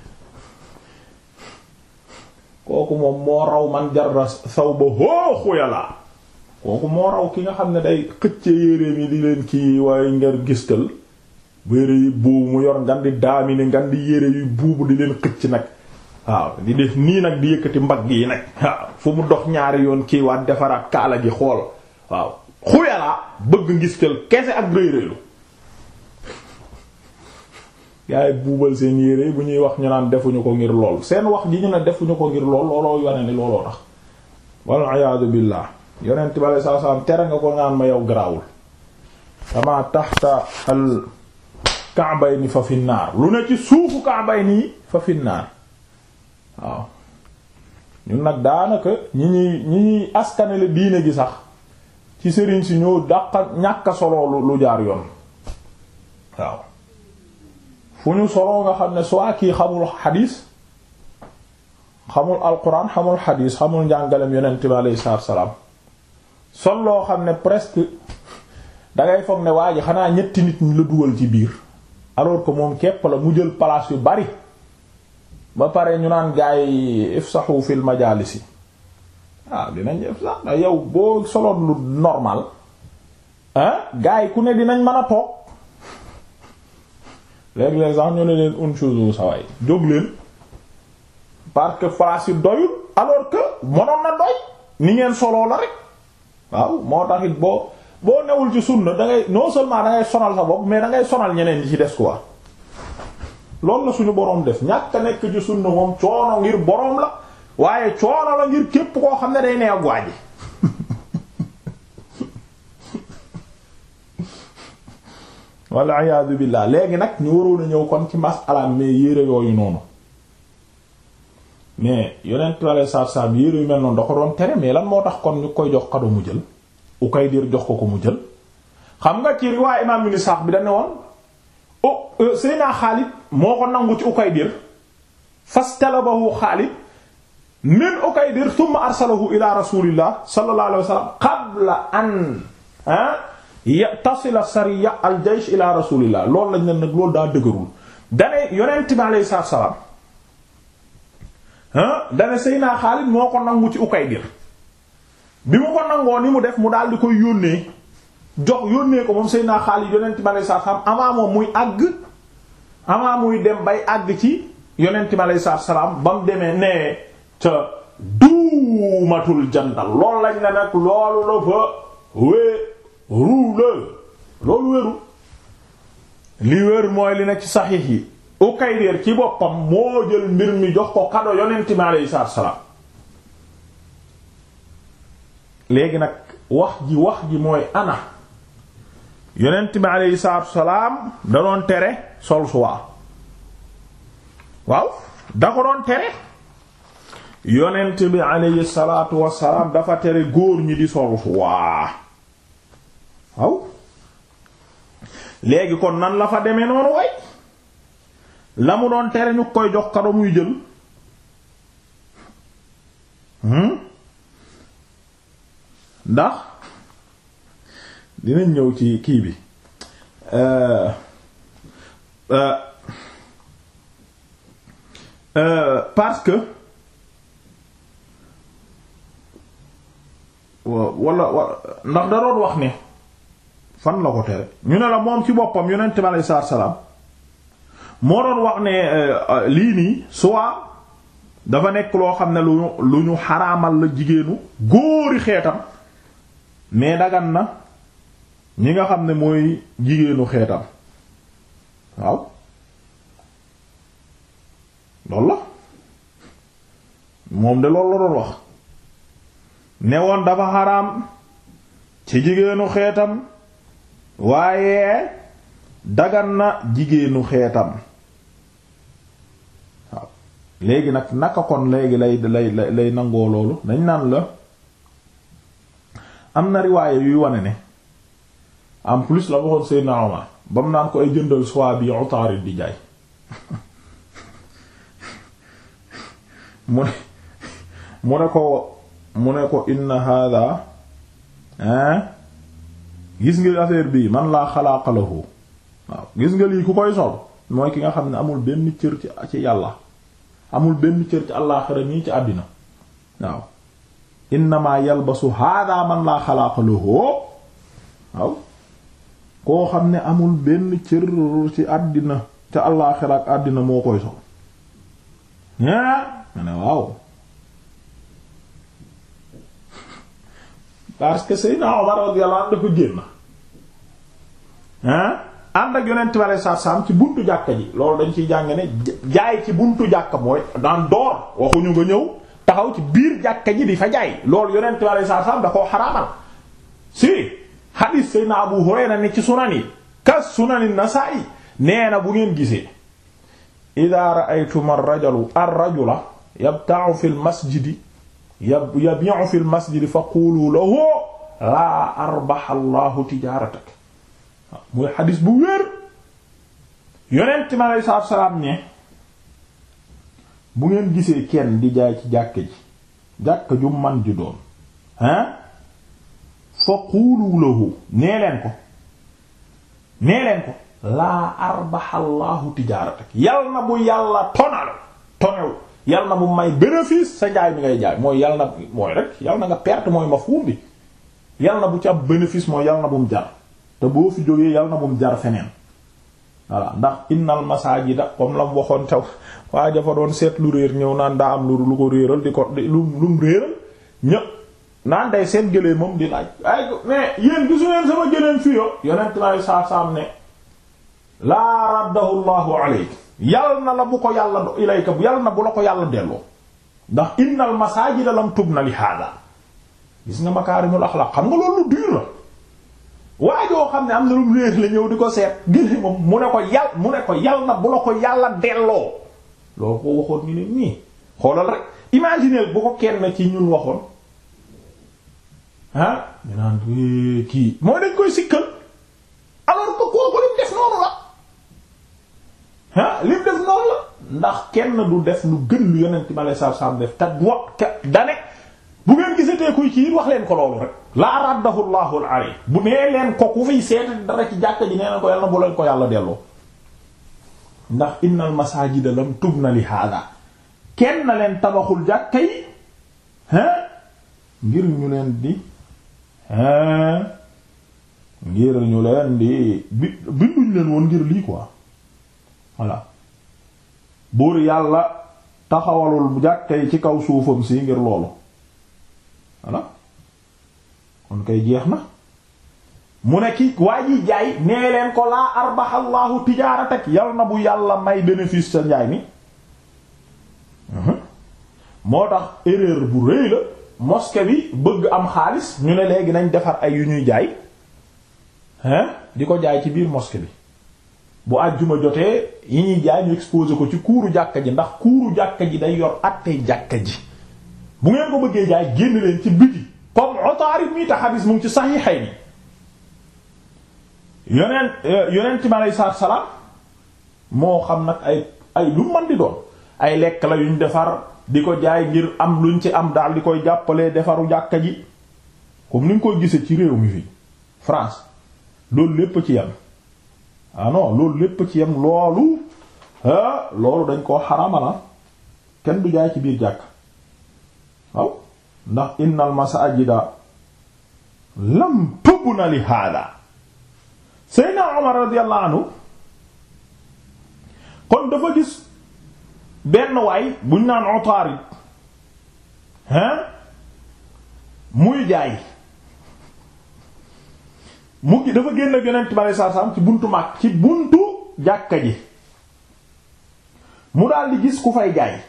kooku moom moo raw man jarra saw ba hoo xuyalaa kooku moo raw ki nga xam ne day xëcce yéreem yi di leen kii waaye ngeen gistal yére yi buubu mu yor ngan di daamine ngan di yére yu buubu di leen xëcc nag waaw di def nii nag di yëkkati mbagg yi nag waaw fu mu dox ñaari yoon kii waat defaraat kaala ji xool waaw xuyalaa bëgg ngistal kese ak réyréylu gaa yi buubal seen yére bu ñuy wax ñu naan defuñu ko ngir lool seen wax ji ñu ne defuñu ko ngir lool looloo yone ni looloo tax wal iyaadu billah yonent bi alei satu salaam tere nga ko naan ma yow garaawul kama taxta al ka'bayni fa fi lu ne ci suufu ka'bayni fa fi waaw ñun nag daanaka ñi ñuy ñi ñuy askanele diine gi sax ci sëriñ si ñoo dàqa ñàkk solo lu jaar yoon waaw fu ñu soloo nga xam ne soit kii xamul xadiis xamul alquran xamul xadiis xamul njàngalem yonent bi aleyhi salaam sol loo xam ne presque dangay foog ne waa ji xanaa ñetti nit ñu la dugal ci biir alors que moom képp la mu jël place yu bari ba pare ñu naan gaa yi ifsahu fil majalisi waaw ah, dinañ ifsah da yow boo soloon lu normal ah gaa yi ku ne dinañ mën a toog léeg-léeg sax ñu ne leen une chose saway jóg leen parce que place doyul alors que mënoon na doy ni ngeen soloo la rek waaw moo tax it boo boo newul ci sunna da ngay non seulement da ngay sonal sa bopp mais dangay sonal ñeneen ñi ci des quoi loolu la suñu borom def ñàkk a nekk ci sunna moom coono ngir boroom la waaye coono la ngir képp koo xam ne day neew waaji walla iyaadu billaah léegi nag ñu waroon a ñëw kon ci masala mais yére yooyu noonu mais yonent bi aleyhi salaatu salaam yére yu mel noonu da ko doon tere mais lan moo tax kon ñu koy jox kado mu jël Ukaydir jox ko ko mu jël xam nga ci riwaay imaam ibn bi dañ ne woon o e, Seydina moo ko nangu ci Ukaydir fastalabahu Xaalid min Ukaydir thumma arsalahu ila rasulillah sallallahu alayhi wa sallam qabla an tasila sariya al jaysh ila rasulillah loolu lañ ne nag loolu daa dëgërul dane yonent bi aleyhi salaatu salaam dane Seydina Xaalid moo ko nangu ci Ukaydir bi mu ko nangoo ni mu def mu daal di koy yónnee jox yónnee ko moom Seydina Xaalid yonent bi aleyhi salaatu salaam avant moom muy àgg avant muy dem bay àgg ci yonent bi aleyhi salaatu salaam ba mu demee nee ca duumatul jandal loolu lañ ne nag loolu la fa wéeru la loolu wéru li wér mooy li nekk ci saxiix yi Ukaydir ci boppam moo jël mbir mi jox ko kado yonent mi aleyhi salaatu salaam léegi nag wax ji wax ji mooy ana yonent mi aleyhi salaatu salaam tere sol suwaa waaw bi aleyhi dafa tere góor ñi di sol waaw léegi kon nan la fa demee noonu way la mu doon tere ñu koy jox kado muy jël hmm? ndax dinañ ñëw ci kii bi euh, euh, euh, parce walla wala ndax da wax ne fan la ko tere ñu ne la moom ci boppam yonent bi aleyhi salaatu wa salaam moo doon wax ne euh, euh, lii nii soit dafa nekk loo xam ne lu lu ñu xaraamal la jigéenu góori xeetam mais dagan na ñi nga xam ne mooy jigéenu xeetam waaw loolu la moom de loolu la doon wax ne woon dafa xaraam ci jigéenu xeetam waaye dagan na jigéenu xeetam léegi nag naka kon léegi lay lay lay nangoo loolu dañ naan la am na riwaaye yuy wane ne en plus la waxoon Seydina Omar ba mu naan ko ay jëndal soie bi utaarit di jaay mu ne mu ne ko mu ne ko inna hada hein gis nga affaire bii man laa xalaaqa lahu waaw gis nga lii ku koy sol mooy ki nga xam ne amul benn cër ci yàlla amul benn cër ci àllaaxira nii ci àddina waaw innama yalbasu hada man laa xalaaqa lahu waaw koo xam ne amul benn cër ci àddina ca àllaaxira ak àddina moo koy sol ma ne waaw parce que Seydina Omar radiyallahu anhu dafa génn hein ànd ak yonent bi alei satu salaam ci buntu jàkka ji loolu dañ ciy jàng jaay ci buntu jàkka mooy daan door waxuñu nga ñëw taxaw ci biir jàkka ji di fa jaay lool yonent bi alei satu salaam da koo xaraamal si hadis sayna Abu Hurayra ne ci sunan yi ka sunani Nasaa'i nee na bu ngeen gisee ida ra'aytum ar-rajulu ar-rajula yabta'u fil masjidi yabi'u fil masjidi fa qulu lahu laa arbaha Allahu tijaaratak waaw mooy xadis bu wér yonent mi aleyhi salaatu salaam ne bu ngeen gisee kenn di jaay ci jàkk ji jàkk ju man ju doon hein fa quulu lahu nee leen ko nee leen ko laa arbaxallaahu tijaaratak yal na bu yàlla tonal tonew yal na bu may bénéfice sa jaay bi ngay jaay mooy yal na mooy rek yal na nga perte mooy mafhum bi yal na bu ci ab bénéfice mooy yal na bu mu jar te boo fi jógee yàlla na bum jar feneen voilà ndax innal masajida comme la mu waxoon taw waa dafa doon seet lu réer ñëw naan daa am lu lu ko réeral di ko lu mu réeral ñëpp naan day seen gëlee moom di laaj ay mais yéen gisu leen sama gëleen fi yo yonent laayu saasaam ne laa raddahu llahu aleyk na la bu ko yàlla ilayka bu yàlla na bu la ko yàlla delloo ndax innal masajida lam tubna li hada gis nga makaarimul axlaq xam nga loolu lu waaye joo xam ne am na lu mu réer la ñëw di ko seet gëléem moom mu ne ko yàll mu ne ko yàll na bu la ko yàlla delloo loolu ko waxoon ñu ne nii xoolal rek imagineel bu ko kenn ci ñun waxoon ah dinaan eh, kii mooy dañ koy sikkal alors que kooku lim def noonu la ah lim def noonu la ndax kenn du def lu gën lu yonent ma lay saab saab def te du wax bu ngeen gisatee kuy kii wax leen ko loolu rek laa raddahu llahu alay bu nee leen ko ku fiy seet dara ci jàkka ji nee leen ko yàlla bu leen ko yàlla delloo ndax innal masajida lam na li hada kenn na leen tabaxul jàkka yi hein ngir ñu leen di hein ngir ñu leen di bi binduñ leen woon ngir lii quoi voilà buur yàlla taxawalul jàkka yi ci kaw suufam si ngir loolu voilà kon kay jeex na mu ne ki waa jaay nee leen ko laa arbaxallaahu tijaaratak yal na bu yàlla may bénéfice sa njaay mi mhm. moo tax erreur bu rëy la moske bi bëgg am xaalis ñu ne léegi nañ defar ay yu ñuy jaay hein di ko jaay ci biir moske bi bu àjjuma jotee yi ñuy jaay ñu exposé ko ci kuuru jàkka ji ndax kuuru jàkka ji day yor àttee jàkka ji bu ngeen ko bëggee jaay génn leen ci biti comme otaarib mii tax xadis mu ngi ci saxiixay ni yoneen yoneen euh, ci malay saar salaam moo xam nag ay ay lu mën di doon ay lekk la yuñ defar di ko jaay ngir am luñ ci am daal di koy jàppalee defaru jàkka ji comme ni nga koy gisee ci réew mi fi France loolu lépp ci yam ah loolu lépp ci yam loolu ah, loolu dañ koo xaraama na ah. kenn du jaay ci biir jàkk waaw ndax innal masajida lam tubna li hada Seydina Omar radiyallahu anhu kon dafa gis benn waay buñ naan Utaarid hein muy jaay mu dafa génn ak Yonent bi alayhi ci buntu mag ci buntu jàkka ji mu daal gis ku fay jaay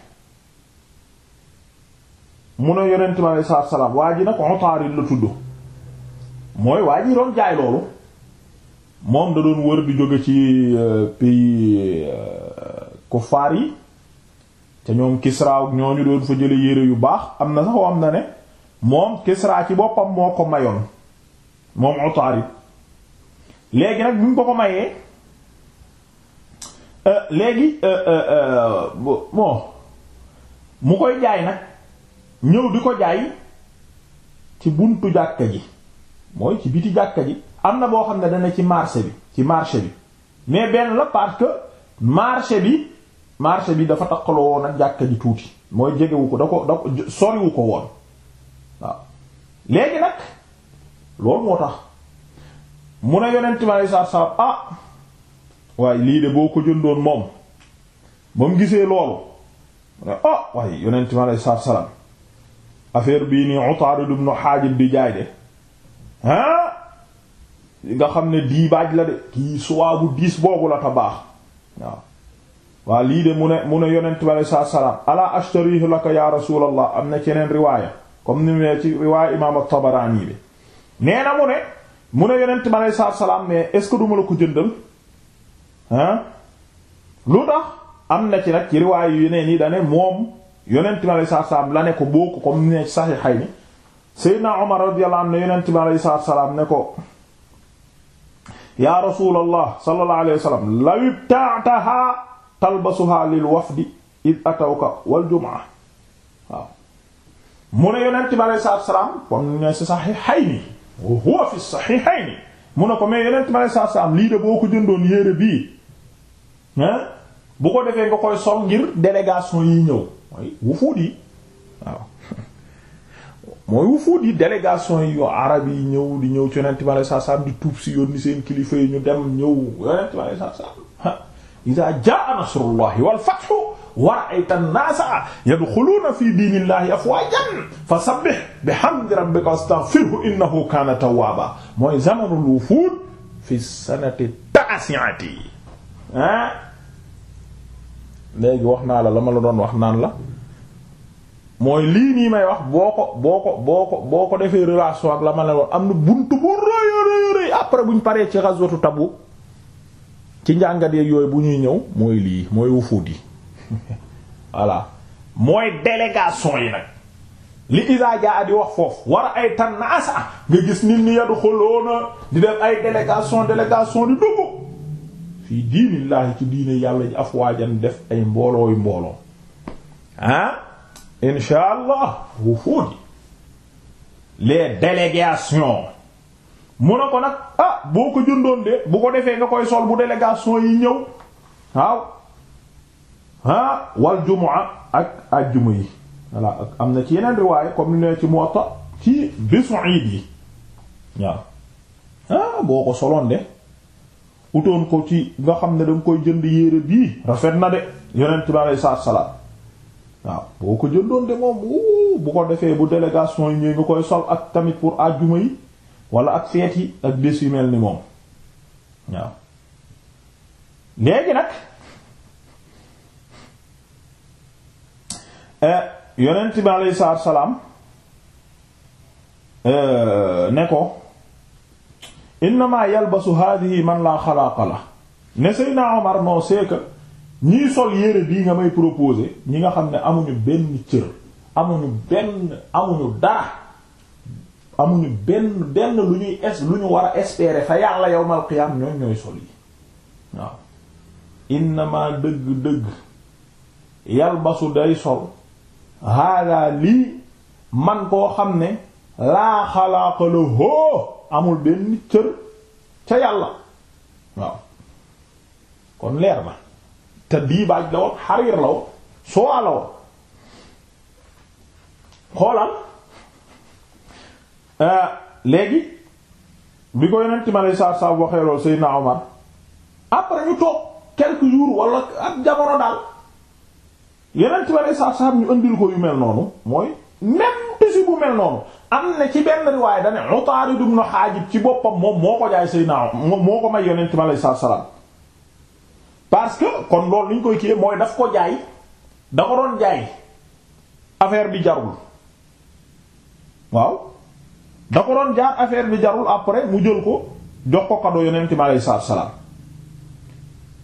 mu ne yonent bi salaam waa ji nag Utaarid la tudd mooy waa ji moom da wër di jóge ci euh, pays euh, kuffaar te ñoom Kisra ak ñooñu doon yére yu baax am na sax am na ne moom Kisra ci boppam moo ko mayoon moom Utaarid léegi nag bi ko mayee euh, léegi bon mu koy jaay nag ñëw di ko jaay ci buntu jàkka ji mooy ci biti jàkka ji am na boo xam ne dana ci marché bi ci marché bi mais benn la parce que marché bi marché bi dafa takkaloo woon ak jàkka ji tuuti mooy jegewu ko da ko da ko soriwu ko woon waaw léegi nag loolu moo tax mu ne yonent mi sa salaatu salaam ah waaye lii de boo ko jëndoon moom ba mu gisee loolu mu ne ah waaye yonent mi aleyhi salaatu salaam affaire bii nii Utaarid ibn Haajib di jaay de ah nga xam ne diibaaj la de kii suwaabu diis boobu la ta baax waaw lii de mu ne mu ne yonent bi alei salaatu salaam ala laka ya rasulallah am na ceneen riwaaya comme ni ne ci riwaaya imaam at-Tabaraani bi mu ne mu bi alei salaam mais est duma la ko jëndal ah lu tax am na ci nag ci riwaaya yu yeneen yi dane moom yonent bi alayhi la ne ko boo ko comme ne saxiixay ni Seydina Omar radiyallahu ne yonent bi alayhi ne ko yaa rasuulallah wal jumaa waaw mu ne sa bi alayhi salaam comme ne si saxiixay ni bi alayhi lii de boo ko jëndoon yére bii bu ko defee nga koy sol ngir yi ñëw mooy wufuud yi waaw mooy wufuud yi délégation yi yo arab yi ñëw di ñëw ci yonent bi alei satu salaam di tuub si yónni seen kilifa yi ñu dem ñëw yonent bi alei satu salaam idaa jaa nasrullahi wal fathu wa ra'ayta an-naasa yadxuluuna fi diinillahi afwaajan fasabbih bihamdi rabbika wastaghfirhu innahu kaana tawwaaba mooy zamanul wufuud fi sanati taasi'ati ah léegi wax naa la la ma la doon wax naan la mooy lii nii may wax boo ko boo ko boo ko boo ko defee relation ak la ma la doon am na buntu bu rëy rëy après buñ paree ci ghazwatu Tabuk ci njàngat yeeg yooyu bu ñuy ñëw mooy lii mooy wufuud yi voilà mooy délégation yi nag li isa jaa di wax foofu war ay tan naasa nga gis nit ñi yadu xoloona di def ay délégation délégation di dugg fii diinillaahi ci diine yàlla ji afwaajan def ay mboolooy mbooloo ah insha allah wufuud les délégations mu na ko nag ah boo ko jëndoon de bu ko defee nga koy sol bu délégation yi ñëw waaw ah wal jumaa ak ajjuma yi voilà ak am na ci yeneen riwaaye comme ni ne ci Muwatta ci bisu iid yi waaw ah boo ko soloon de utoon ko ci nga xam ne danga koy jënd yére bii rafet na de yonent bi alei salaam waaw boo ko jëndoon de moom bu ko defee bu délégation yi nga koy sol ak tamit pour àjjuma yi wala ak feet yi ak bés yu mel ni moom waaw léegi nag eh, yonent bi alei salaam eh, ne ko innama yalbasu hadihi man laa xalaaqa la ne Seydina Omar non c'est que ñiy sol yére bii nga may proposer ñi nga xam ne amuñu benn cër amuñu benn amuñu dara amuñu benn benn lu ñuy es lu ñu war a espérer fa yàlla yawmal qiyaam ñooñ ñooy sol yi waaw innama dëgg-dëgg yalbasu day sol hada lii man koo xam ne laa xalaaqa la hoo amul benn cër ca yàlla waaw kon leer na te diibaaj la woon la woon soowaa la woon xoolal euh, léegi bi ko yonent ma lay saab saab waxee loolu Seydina Omar après ñu toog quelques jours wala ak jamono daal yonent ma lay saab saab ñu indil ko yu mel noonu mooy même bu mel noonu ci benn da ci boppam moom moo ko jaay moo ko may yonent mi alayhi salaam koy mooy daf ko jaay da ko bi jarul doon jaar affaire bi jarul après mu jël ko jox ko cadeau yonent mi alayhi salaam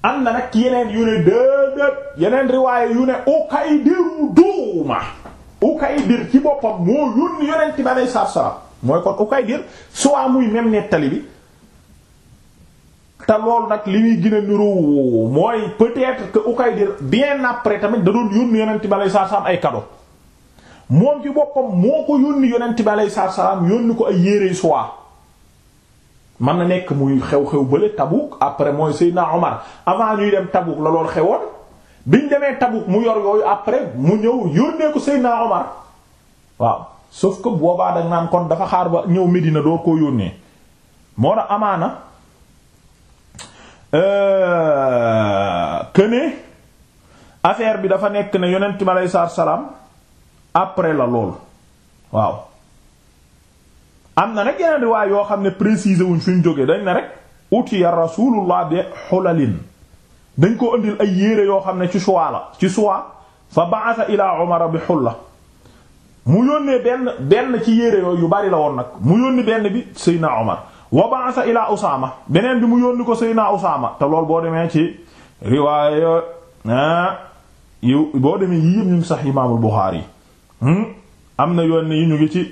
am na nag yeneen yu ne déedéet yeneen riwaay yu ne ukay diru duuma. Ukaydir ci boppam moo yónni yonent bi alayhi salaatu salaam mooy kon Ukaydir soit muy même nettali bi te loolu nag li muy gën a niru mooy peut-être que Ukaydir bien après tamit da doon yónni yonent bi alayhi salaatu salaam ay cadeau moom ci boppam moo ko yónni yonent bi alayhi salaatu salaam yónni ko ay yére soit. mën na nekk muy xew-xew bële Tabuk après mooy Seydina Omar avant ñuy dem Tabuk la lool xewoon. biñ demee Tabuk mu yor yooyu après mu ñëw yónnee ko Seydina Omar waaw sauf que boobaa kon dafa xaar ba ñëw Medina doo koo yónnee moo tax amaana këne euh, affaire bi dafa nekk ne yonent mi aleyhi salaatu salaam après la lool waaw am na nag yeneen riwaay yoo xam ne préciser wuñ fi ñu jógee dañ na rek utiya Rasulullah bi xulalin dañ ko indil ay yéere yoo xam ne ci choix la ci choix fa ba'atha ila Umar bi hulla mu yónnee benn benn ci yére yooyu yu bari la woon nag mu yónni benn bi Seydina Omar wa ba'atha ila Usaama bi mu yónni ko Seydina Usaama te loolu boo demee ci riwaaya ah, yow boo demee yii yëpp ñu ngi sax imaamul Buxaari yi hmm? am na yoon yi ñu ngi ci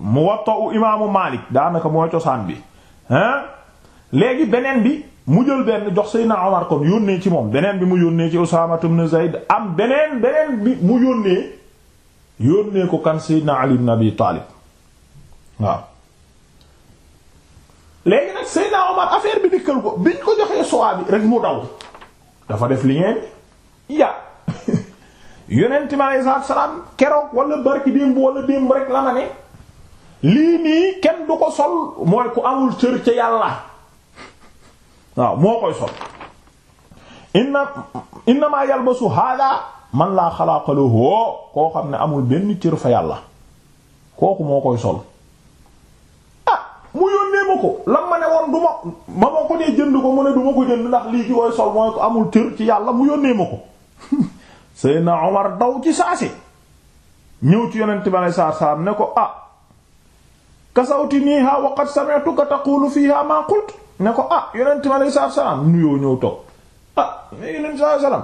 mu Muwatta u imaamu Maalik daanaka mooy cosaan bi ah? léegi beneen bi mu jël benn jox Seydina Omar kon yónnee ci moom beneen bi mu yónnee ci Usaama ibn Zayd am beneen beneen bi mu yónnee yónnee ko kan Seydina Ali ibn Abi Taalib waaw léegi nag Seydina Omar affaire bi dikkal ko biñ ko joxee soowaa bi rek mu daw dafa def li ngeen ya yonent mi aleyhi salaam keroog wala barki démb wala démb rek la lii nii kenn du ko sol mooy ku amul cër ca yàlla waaw moo koy sol inna innama yalbasu hada man laa xalaqa lahu koo xam ne amul benn cër fa yàlla kooku moo koy sol ah mu yónnee ma ko lam ma ne woon du ma ma ko nee jënd ko mu ne du ko jënd ndax lii ki koy sol mooy ko amul cër ci yàlla mu yónnee ma ko Seydina Omar daw ci saasi ñëw ci yonent bi alei salaam ne ko ah kasawti niiha wa qad sami'tuka taqulu fiha ma qultu ne ko ah yonent mi aleyhi salaatu salaam nuyoo ñëw toog ah mais yonent salaatu salaam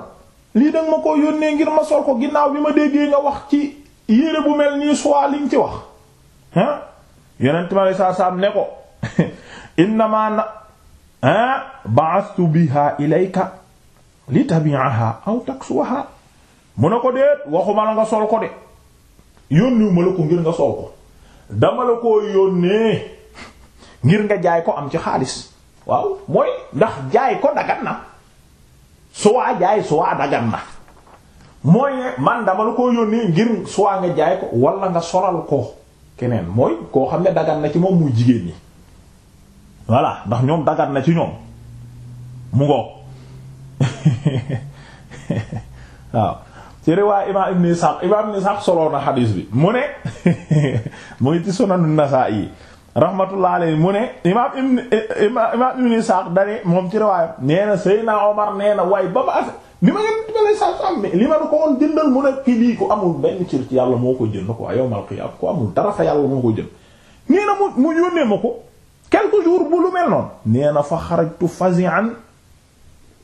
lii danga ma ko yónnee ngir ma sol ko ginnaaw bi ma déggee nga wax ci yére bu mel nii soit liñ ci wax ah ne ko innamaa na ah ba'astu bihaa ilayka ko déet waxuma de yónniwu ma la ko ngir nga sol ko dama la ko yónnee ngir nga jaay ko am ci xaalis waaw mooy ndax jaay ko dagan na suwaa jaay suwaa dagan na mooy man dama la ko yónnee ngir suwaa nga jaay ko wala nga solal ko keneen mooy koo xam ne dagan na ci moom jigéen ñi voilà ndax ñoom dagan na ci ñoom mu ngoo waaw ci riwaay imaam ibn Ishaq imaam ibn Ishaq soloon na xadiis bi mu ne mu ngi ci Sunan Nasa'i rahmatullah alayhi mu ne imaam ibn imaam ibn moom ci riwaayam nee na Seydina Omar nee na waaye ba ma as li ma ngeen dibale sa sàmmi li ko woon jëndal mu ne lii ku amul benn cër ci yàlla moo ko jënd quoi yawmal qiyaam ku amul dara fa yàlla moo ko jënd nee mu mu yónnee ma ko quelques jours bu mel noonu nee fa xarajtu fazi'an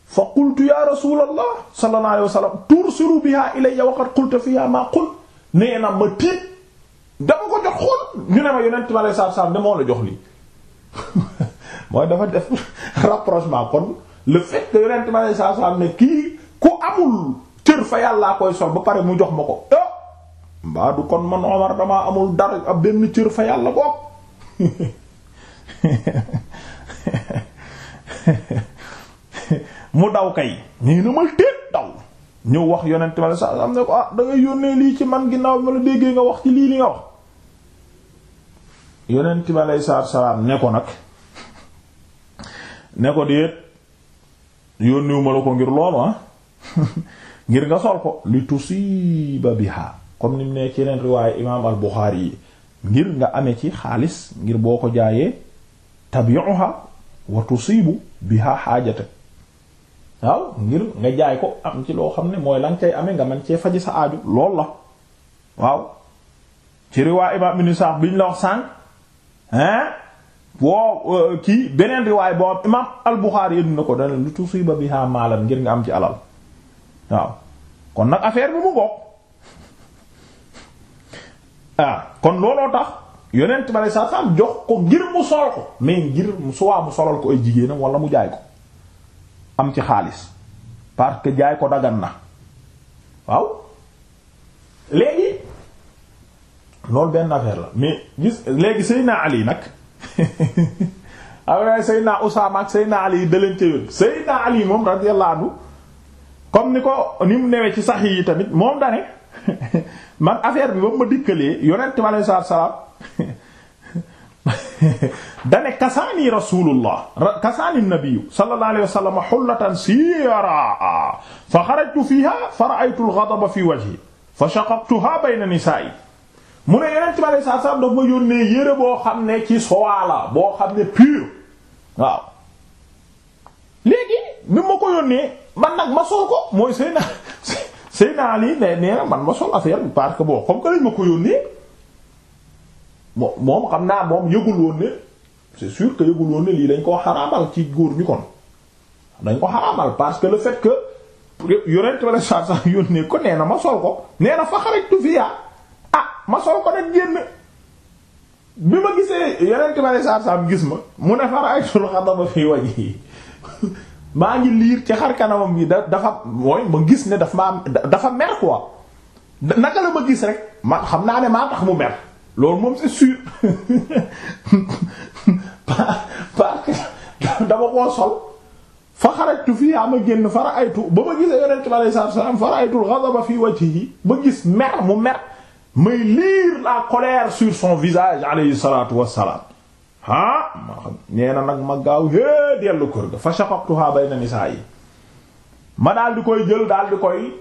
fa qultu ya rasulallah sallallahu alayhi biha ilayya wa qultu fiha ma qult nee ma tiit dama ko jox xool ñu ne ma yonent ma lay saab saab de moo la jox lii mooy dafa def rapprochement kon le fait que ma lay saab saab ne kii ku koy sol ba pare mu jox ma ko eh, mbaa kon man Omar damaa amul dara ab benn cër fa yàlla bopp mu daw kay ñii ma téet daw ñëw wax yonent ma la sa am ne ah da yónnee lii ci man ginnaaw bi ma la déggee nga wax ci lii li nga wax yonent bi aleyhi salaatu salaam ne ko nag ne ko déet yónniwuma la ko ngir loolu ah ngir nga sol ko li tusiba biha comme ni mu ne ci yeneen riwaayu imaam al Buxaari yi ngir nga amee ci xaalis ngir boo ko jaayee tabi'uha wa tusibu biha xaajata waaw ngir nga jaay ko am ci loo xam ne mooy lan cay amee nga man cee faji sa aaju lool la waaw ci riwaa imaam ibn Sa'd biñ la wax sànq hein boo euh, kii beneen riwaay boo am imaam al-Bukhari yëndu na ko dana lu tusiba biha maalan ngir nga am ci alal waaw kon nag affaire bi mu bokk ah kon looloo tax yonent bale saa saam jox ko ngir mu sol ko mais ngir suwaa mu solal ko ay jigéenam wala mu jaay ko am ci xaalis parce que jaay ko dagan na waaw léegi loolu ben affaire la mais gis léegi Seydina Ali nag away Seydina Usaama ak Seydina Ali dalante yoon anhu comme ni ko ni mu newee ci sax yi tamit moom dane man affaire bi ba ma dikkalee yonent salaam dane kasaani rasulullah kasaani nabiyu sallallahu fa xarajtu fiha fa ra'aytu al fi wajhi fa shaqaqtuha bayna nisaa'i mu ne yeneen ci bari saab saab ma yónnee yére boo xam ne ci soie boo xam ne pur waaw léegi ni ma ko yónnee man nag ma sol ko mooy sëy naa sëy naa lii ne nee man ma sol affaire bi parce que boo comme que ma ko yónnee moom xam naa moom yëgul woon ne c'est sûr que yëgul woon ne lii dañ koo xaraamal ci góor ñi kon dañ ko xaraamal parce que le fait que yonent bari saab saab yónnee ko nee na ma sol ko nee na fa xarajtu fiyaa ma sol ko nag génn bi ma gisee yeneen kibare saab gis ma mu ne fara ay sul xadama fii waj yi ngi liir ci xar kanamam bi dafa mooy ma gis ne daf dafa mer quoi ma xam naa ne maa mu mer loolu moom sol fa xarajtu fii génn fara aytu ba ma gisee yonent bi ba gis mer mu mer may lire la colère sur son visage alayhi salaatu wassalaam ah maa nee na nag ma gaaw é dellu kër ga fa shaqaqtuha bayna nisaa yi ma daal di koy jël daal di koy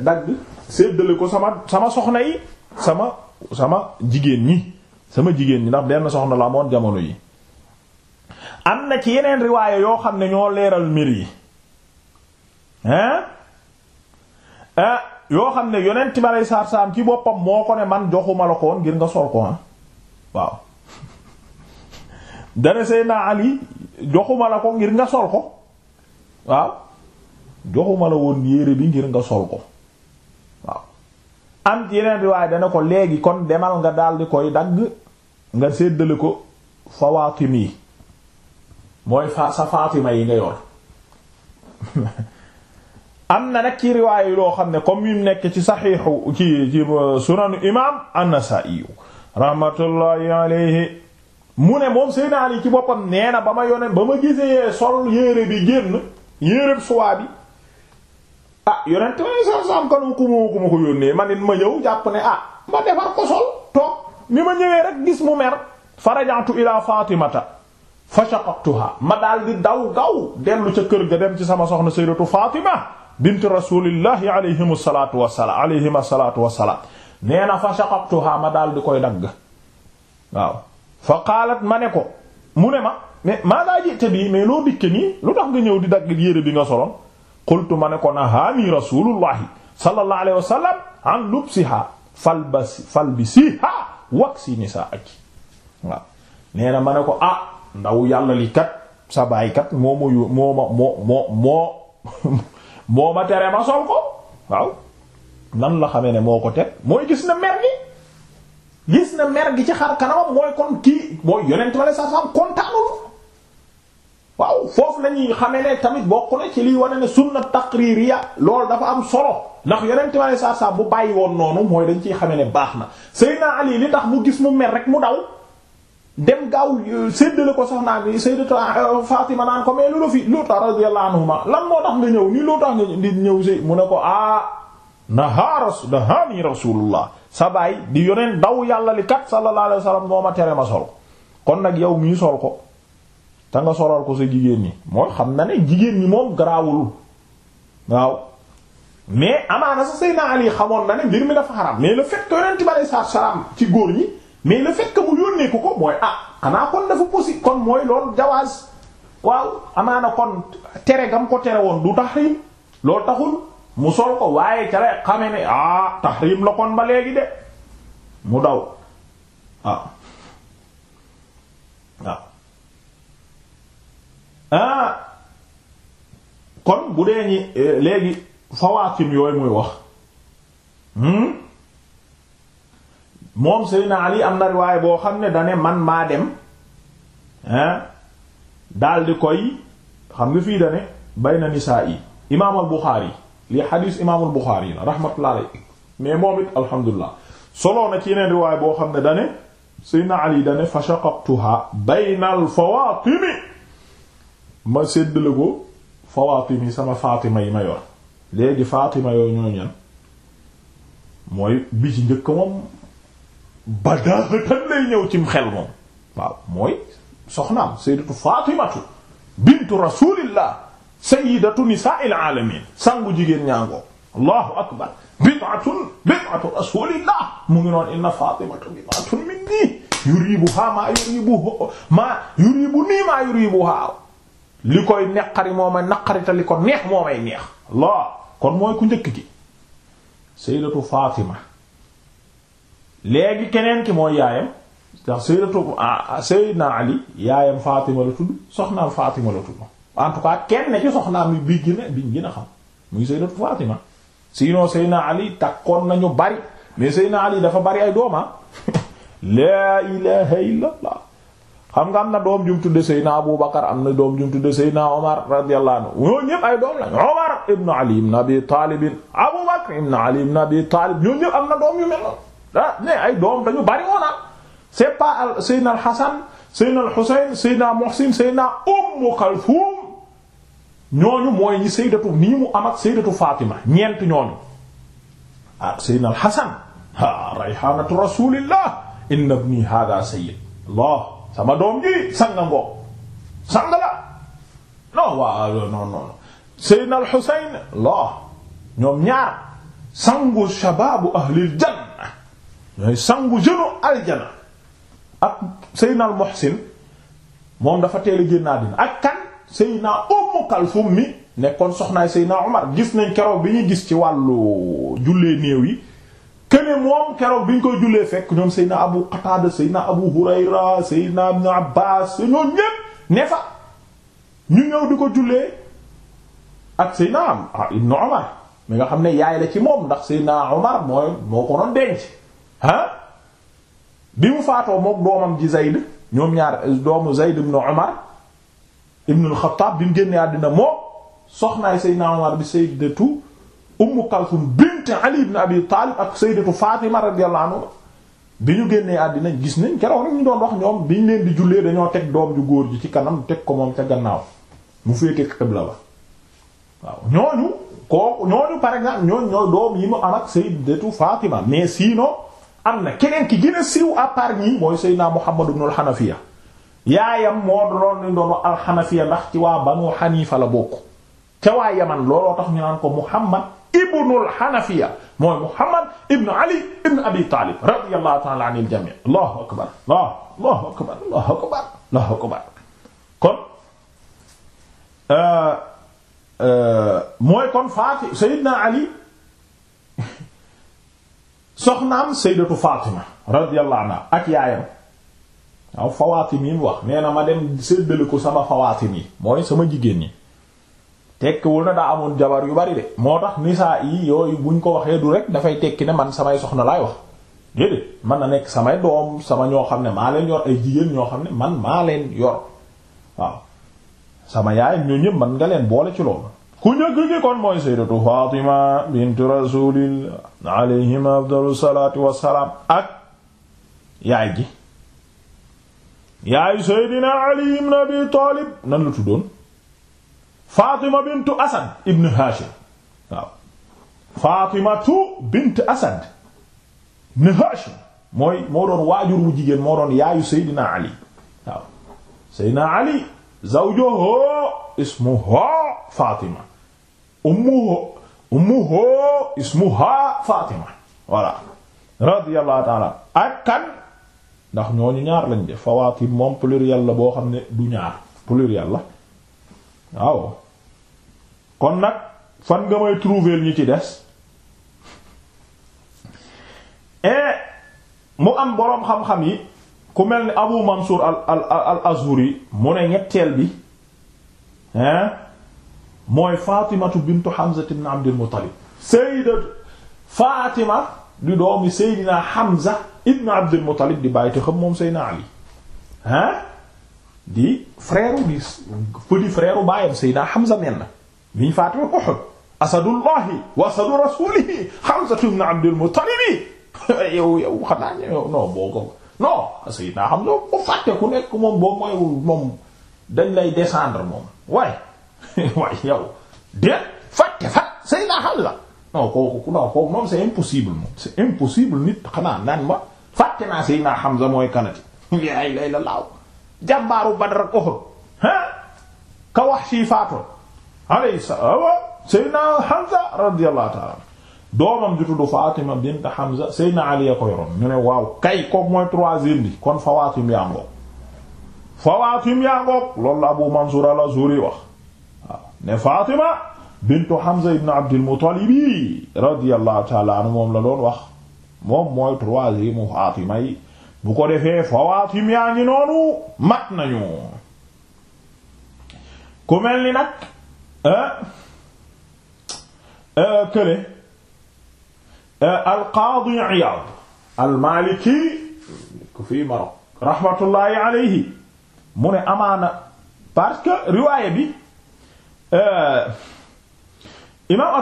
dagg séddale ko sama sama soxna yi sama sama jigéen ñi sama jigéen ñi ndax benn soxna la amoon jamono yi am na ci yeneen riwaaye yoo xam ne ñoo leeral mbir yi hein ah, yoo xam ne yonent ma lay saar saam ci boppam moo ko ne man joxuma la ko woon ngir nga sol ko ah waaw dana Seydina Ali joxuma la ko ngir nga sol ko waaw la woon yére bi ngir nga sol ko waaw am ci yeneen riwaay dana ko léegi kon demal nga daldi koy dagg nga séddale ko Fawaatimi yi mooy fa sa Faatima yi nga yor am na nag ci riwaay loo xam ne comme yu nekk ci saxiixu ci ci euh, sunanu imaam an-Nasaa'i rahmatullahi alayhi mu ne moom Seydina Ali ci boppam nee na ba ma yoneen ba ma gisee sol yére bi génn yéreeb suwaa bi ah yonent ma ko yónnee man it ma ñëw jàpp ne ah ma defar ko sol toog ni ma ñëwee rek gis mu mer farajantu ila Fatimata fa shaqaqtuha ma daldi daw gaw dellu ca kër ga dem ci sama soxna Sayyidatu Fatima bintu rasulillahi alayhimu salaatu wassalaam alayhima salaatu wassalaam nee ma daal di koy dagg waaw fa qaalat ma ne ko mu ne ma mais maadaa jite bii loo dikke nii lu tax nga ñëw di dagg yére bi nga solon qultu ma ne ko nahaani rasulullahi sallallahu alayhi wa sallam an lubsiha falbasi falbisiha waksi nisaaki waaw nee na ko ah ndaw sa baay kat moo ma tere ma sol ko waaw nan la xamee ne moo ko tere mooy gis na mer gi gis na mer gi ci xar kanamam mooy kon kii mooy yonent ma la sa kontaanul waaw foofu la ñuy xamee ne tamit bokk na ci liy wane ne sunna taqririya loolu dafa am solo ndax yonent ma la sa bu bàyyi woon noonu mooy dañ ci xame ne baax na Seydina Ali li tax mu gis mu mer rek mu daw dem gaaw euh, séddale ko soxnaa bi sayyidatu euh, Fatima naan ko mais lu la fi lu tax radiyallahu lan moo tax nga ñëw nii loo tax nga di si mu ne ko ah naha rasul nahani rasulullah sa baay di yoneen daw yàlla li kat sallallahu alayhi wasallam moo ma tere ma sol kon nag yow mii sol ko te nga solal ko sa jigéen ñi mooy xam na ne jigéen ñi moom garaawul waaw mais amaana sa Seydina Ali xamoon na ne mbir mi dafa xaram mais le fait que yonent bi alayhi ci góor ñi mais le fait que mu ko mooy ah xanaa kon dafa possible kon mooy loolu jawaaz waaw amaana kon tere gam ko tere woon du tahrim loolu taxul mu sol ko waaye ca lay xame ne ah tahrim la kon ba léegi de mu daw waaw ah. ah. waaw ah kon bu dee ñi eh, léegi fawaatim yooyu muy wax hmm? moom Seydina Ali am na riwaay boo xam ne dane man maa dem hein daldi koy xam nga fii dane bayna nisaa yi imaamul li xadiis imaamul Buxaari la rahmatullah alayhi mais moom it alhamdulilah soloo na ci yeneen riwaay boo xam ne dane Seydina Ali dane fa shaqaqtuha bayna al fawaatimi ma séddale ko fawaatimi sama faatima yi ma yor léegi faatima yooyu ñoo ñan mooy bi ci njëkk moom badaatan lay ñëw cim xel moom waaw mooy soxnaam sayyidatu fatimatu bintu rasulillah sayyidatu nisa'il sangu jigéen ñaangoo allahu akbar bid'atun bid'atu rasulillah mu ngi inna fatimatu bid'atun minni yuribuha ma yuribuni ma yuribuha li koy neqari moo may neex la kon mooy ku njëkk gi sayyidatu léegi keneen ki mooy yaayam ndax sayyidatu ah, ah, sayyidina Ali yaayam Fatima la tudd soxnaam Fatima la tudd en tout cas kenn ci soxnaam bi gën a biñ gën a xam muy sayyidatu Fatima sinon sayyidina takkoon nañu bari mais sayyidina Ali dafa bari dooma ah. laa ilaha illallah xam nga am na doom jum tudde Seydina Abu Bakar am na doom jum tudde Seydina Omar radiyallahu anhu ñooñu ñëpp doom lañ Omar ibn Ali am na doom yu mel ah ne ay doom dañu bari woon ah c'est pas Seydina al Hasan Seydina al Husayn Seydina Muhsin Seydina Ummu Kalthum ñooñu mooy ñi sayyidatu nii mu am sama doom ji sanga ngoo sanga la non waaw non non non sangu shababu ahlil janna ñooy sangu jënu aljana ak Seydina al Muhsin moom dafa teel a génn àddina ak kan Seydina Ummu Kalsum mi nekkoon soxnaay Seydina Omar gis nañ keroog bi ñu gis ci wàllu jullee néew yi kene moom keroog bi ñu koy jullee fekk ñoom Seydina Abu Qatada Seydina Abu Hurayra Seydina Ibn Abbas ñoom ñépp ne fa ñu ñëw di ko jullee ak Seydina Ibn Omar mi nga xam ne yaay la ci moom ndax Seydina Omar mooy moo ko denc ah bi mu faatoo mook doomam ji Zayd ñoom ñaar doomu Zayd ibn Umar ibn al bi mu génnee àddina moo soxnaay Seydina Umar bi Sayyidatu Ummu Kalsum bint Ali ibn Abi Talib ak Sayyidatu Fatima radiyallahu anha bi ñu génnee àddina gis ni keroog rek ñu doon wax ñoom biñ leen di jullee dañoo teg doom ju góor ji ci kanam teg ko moom ca gannaaw mu féete yi mu am ak Sayyidatu Fatima mais sinon am na keneen ki gën a siiw à part ñi mooy Seydina Muhammad ibn al-Hanafiya yaayam moo doon doonu al-Hanafiya ndax ci waa Banu Hanifa la bokk ca waa Yaman looloo tax ñu naan ko Muhammad ibn al-Hanafiya mooy Muhammad ibn Ali ibn Abi Talib radiyallahu ta'ala anil jami' Allahu akbar Allahu akbar Allahu akbar Allahu akbar kon euh, euh, mooy kon faati Seydina Ali soxnaam sayyidatu Fatima radiyallahu anha ak yaayam waaw Fawatim yi wax nee na ma dem séddale sama Fawatim yi mooy sama jigéen ñi tekkiwul na daa amoon jabar yu bari de moo tax nisaa yi yooyu buñ ko waxee du rek dafay tekki ne man samay soxna laay wax déedéet man na nekk samay doom sama ñoo xam ne maa leen yor ay jigéen ñoo xam ne man maa leen yor waaw sama yaayam ñoo ñëpp man nga leen boole ci loolu ku njëkk gi kon mooy sayyidatu Fatima bint rasulillah alayhima afdalu salaatu wassalaam ak yaay ji yaay sayyidina Ali ibn Abi Talib nan la tuddoon Fatima bint Asad ibn Hashim waaw Fatimatu bint Asad ibn Hashim mooy moo doon waajur wu jigéen moo doon yaayu sayyidina Ali waaw sayyidina Ali zawjuhu ismuhu Fatima ummuhu ummuhu ismuha Fatima voilà radiyallahu ta'ala ak kan ndax ñooñu ñaar lañ def Fawatim moom pluriel la boo xam ne du ñaar pluriel la waaw kon nag fan nga may trouver ñi ci des eh, mu am boroom xam-xam yi ku mel ni Abu Mansur al al al Azhuri mu ne ñetteel bi hein mooy Fatimatu bintu Hamza ibn Abdul Muttalib sayyidatu Fatima di doomi Seydina Hamza ibn Abdul Muttalib di bàyyite xam moom Seydina Ali ah di frère di petit asadullahi wa rasulihi Hamza ibn Abdul Muttalib yow yow xanaa ñëw non boo moom boo mooy moom dañ lay descendre moom waaye yow déet fàtte fat say naa xal la non kooku non moom c'est impossible nit xanaa naan ma fàtte naa Seydina Hamza mooy kanati yaay lay la laaw jàmbaaru Badr ak Uhud ka Wahshi faatoon alayhi salaam Seydina Hamza radiyallahu doomam ju tuddu Fatima bint Hamza Seydina Ali ko yoroon ñu ne waaw kay kooku mooy troisième bi kon Fawatim yaa ngoog Fawatim yaa ngoog loolu la Abu wax ne Fatima bintu Hamza ibn Abdul Muttalib radiyallahu ta'ala anhu moom la doon wax moom mooy troisième Fatima yi bu ko defee Fawatim yaa ngi noonu mat nañu ku mel ni nag eh, eh, kële eh, al-Qaadi Iyaad al-Maaliki ku fii Maroc rahmatullahi alayhi mu ne amaana parce que riwaaya bi Euh, imaam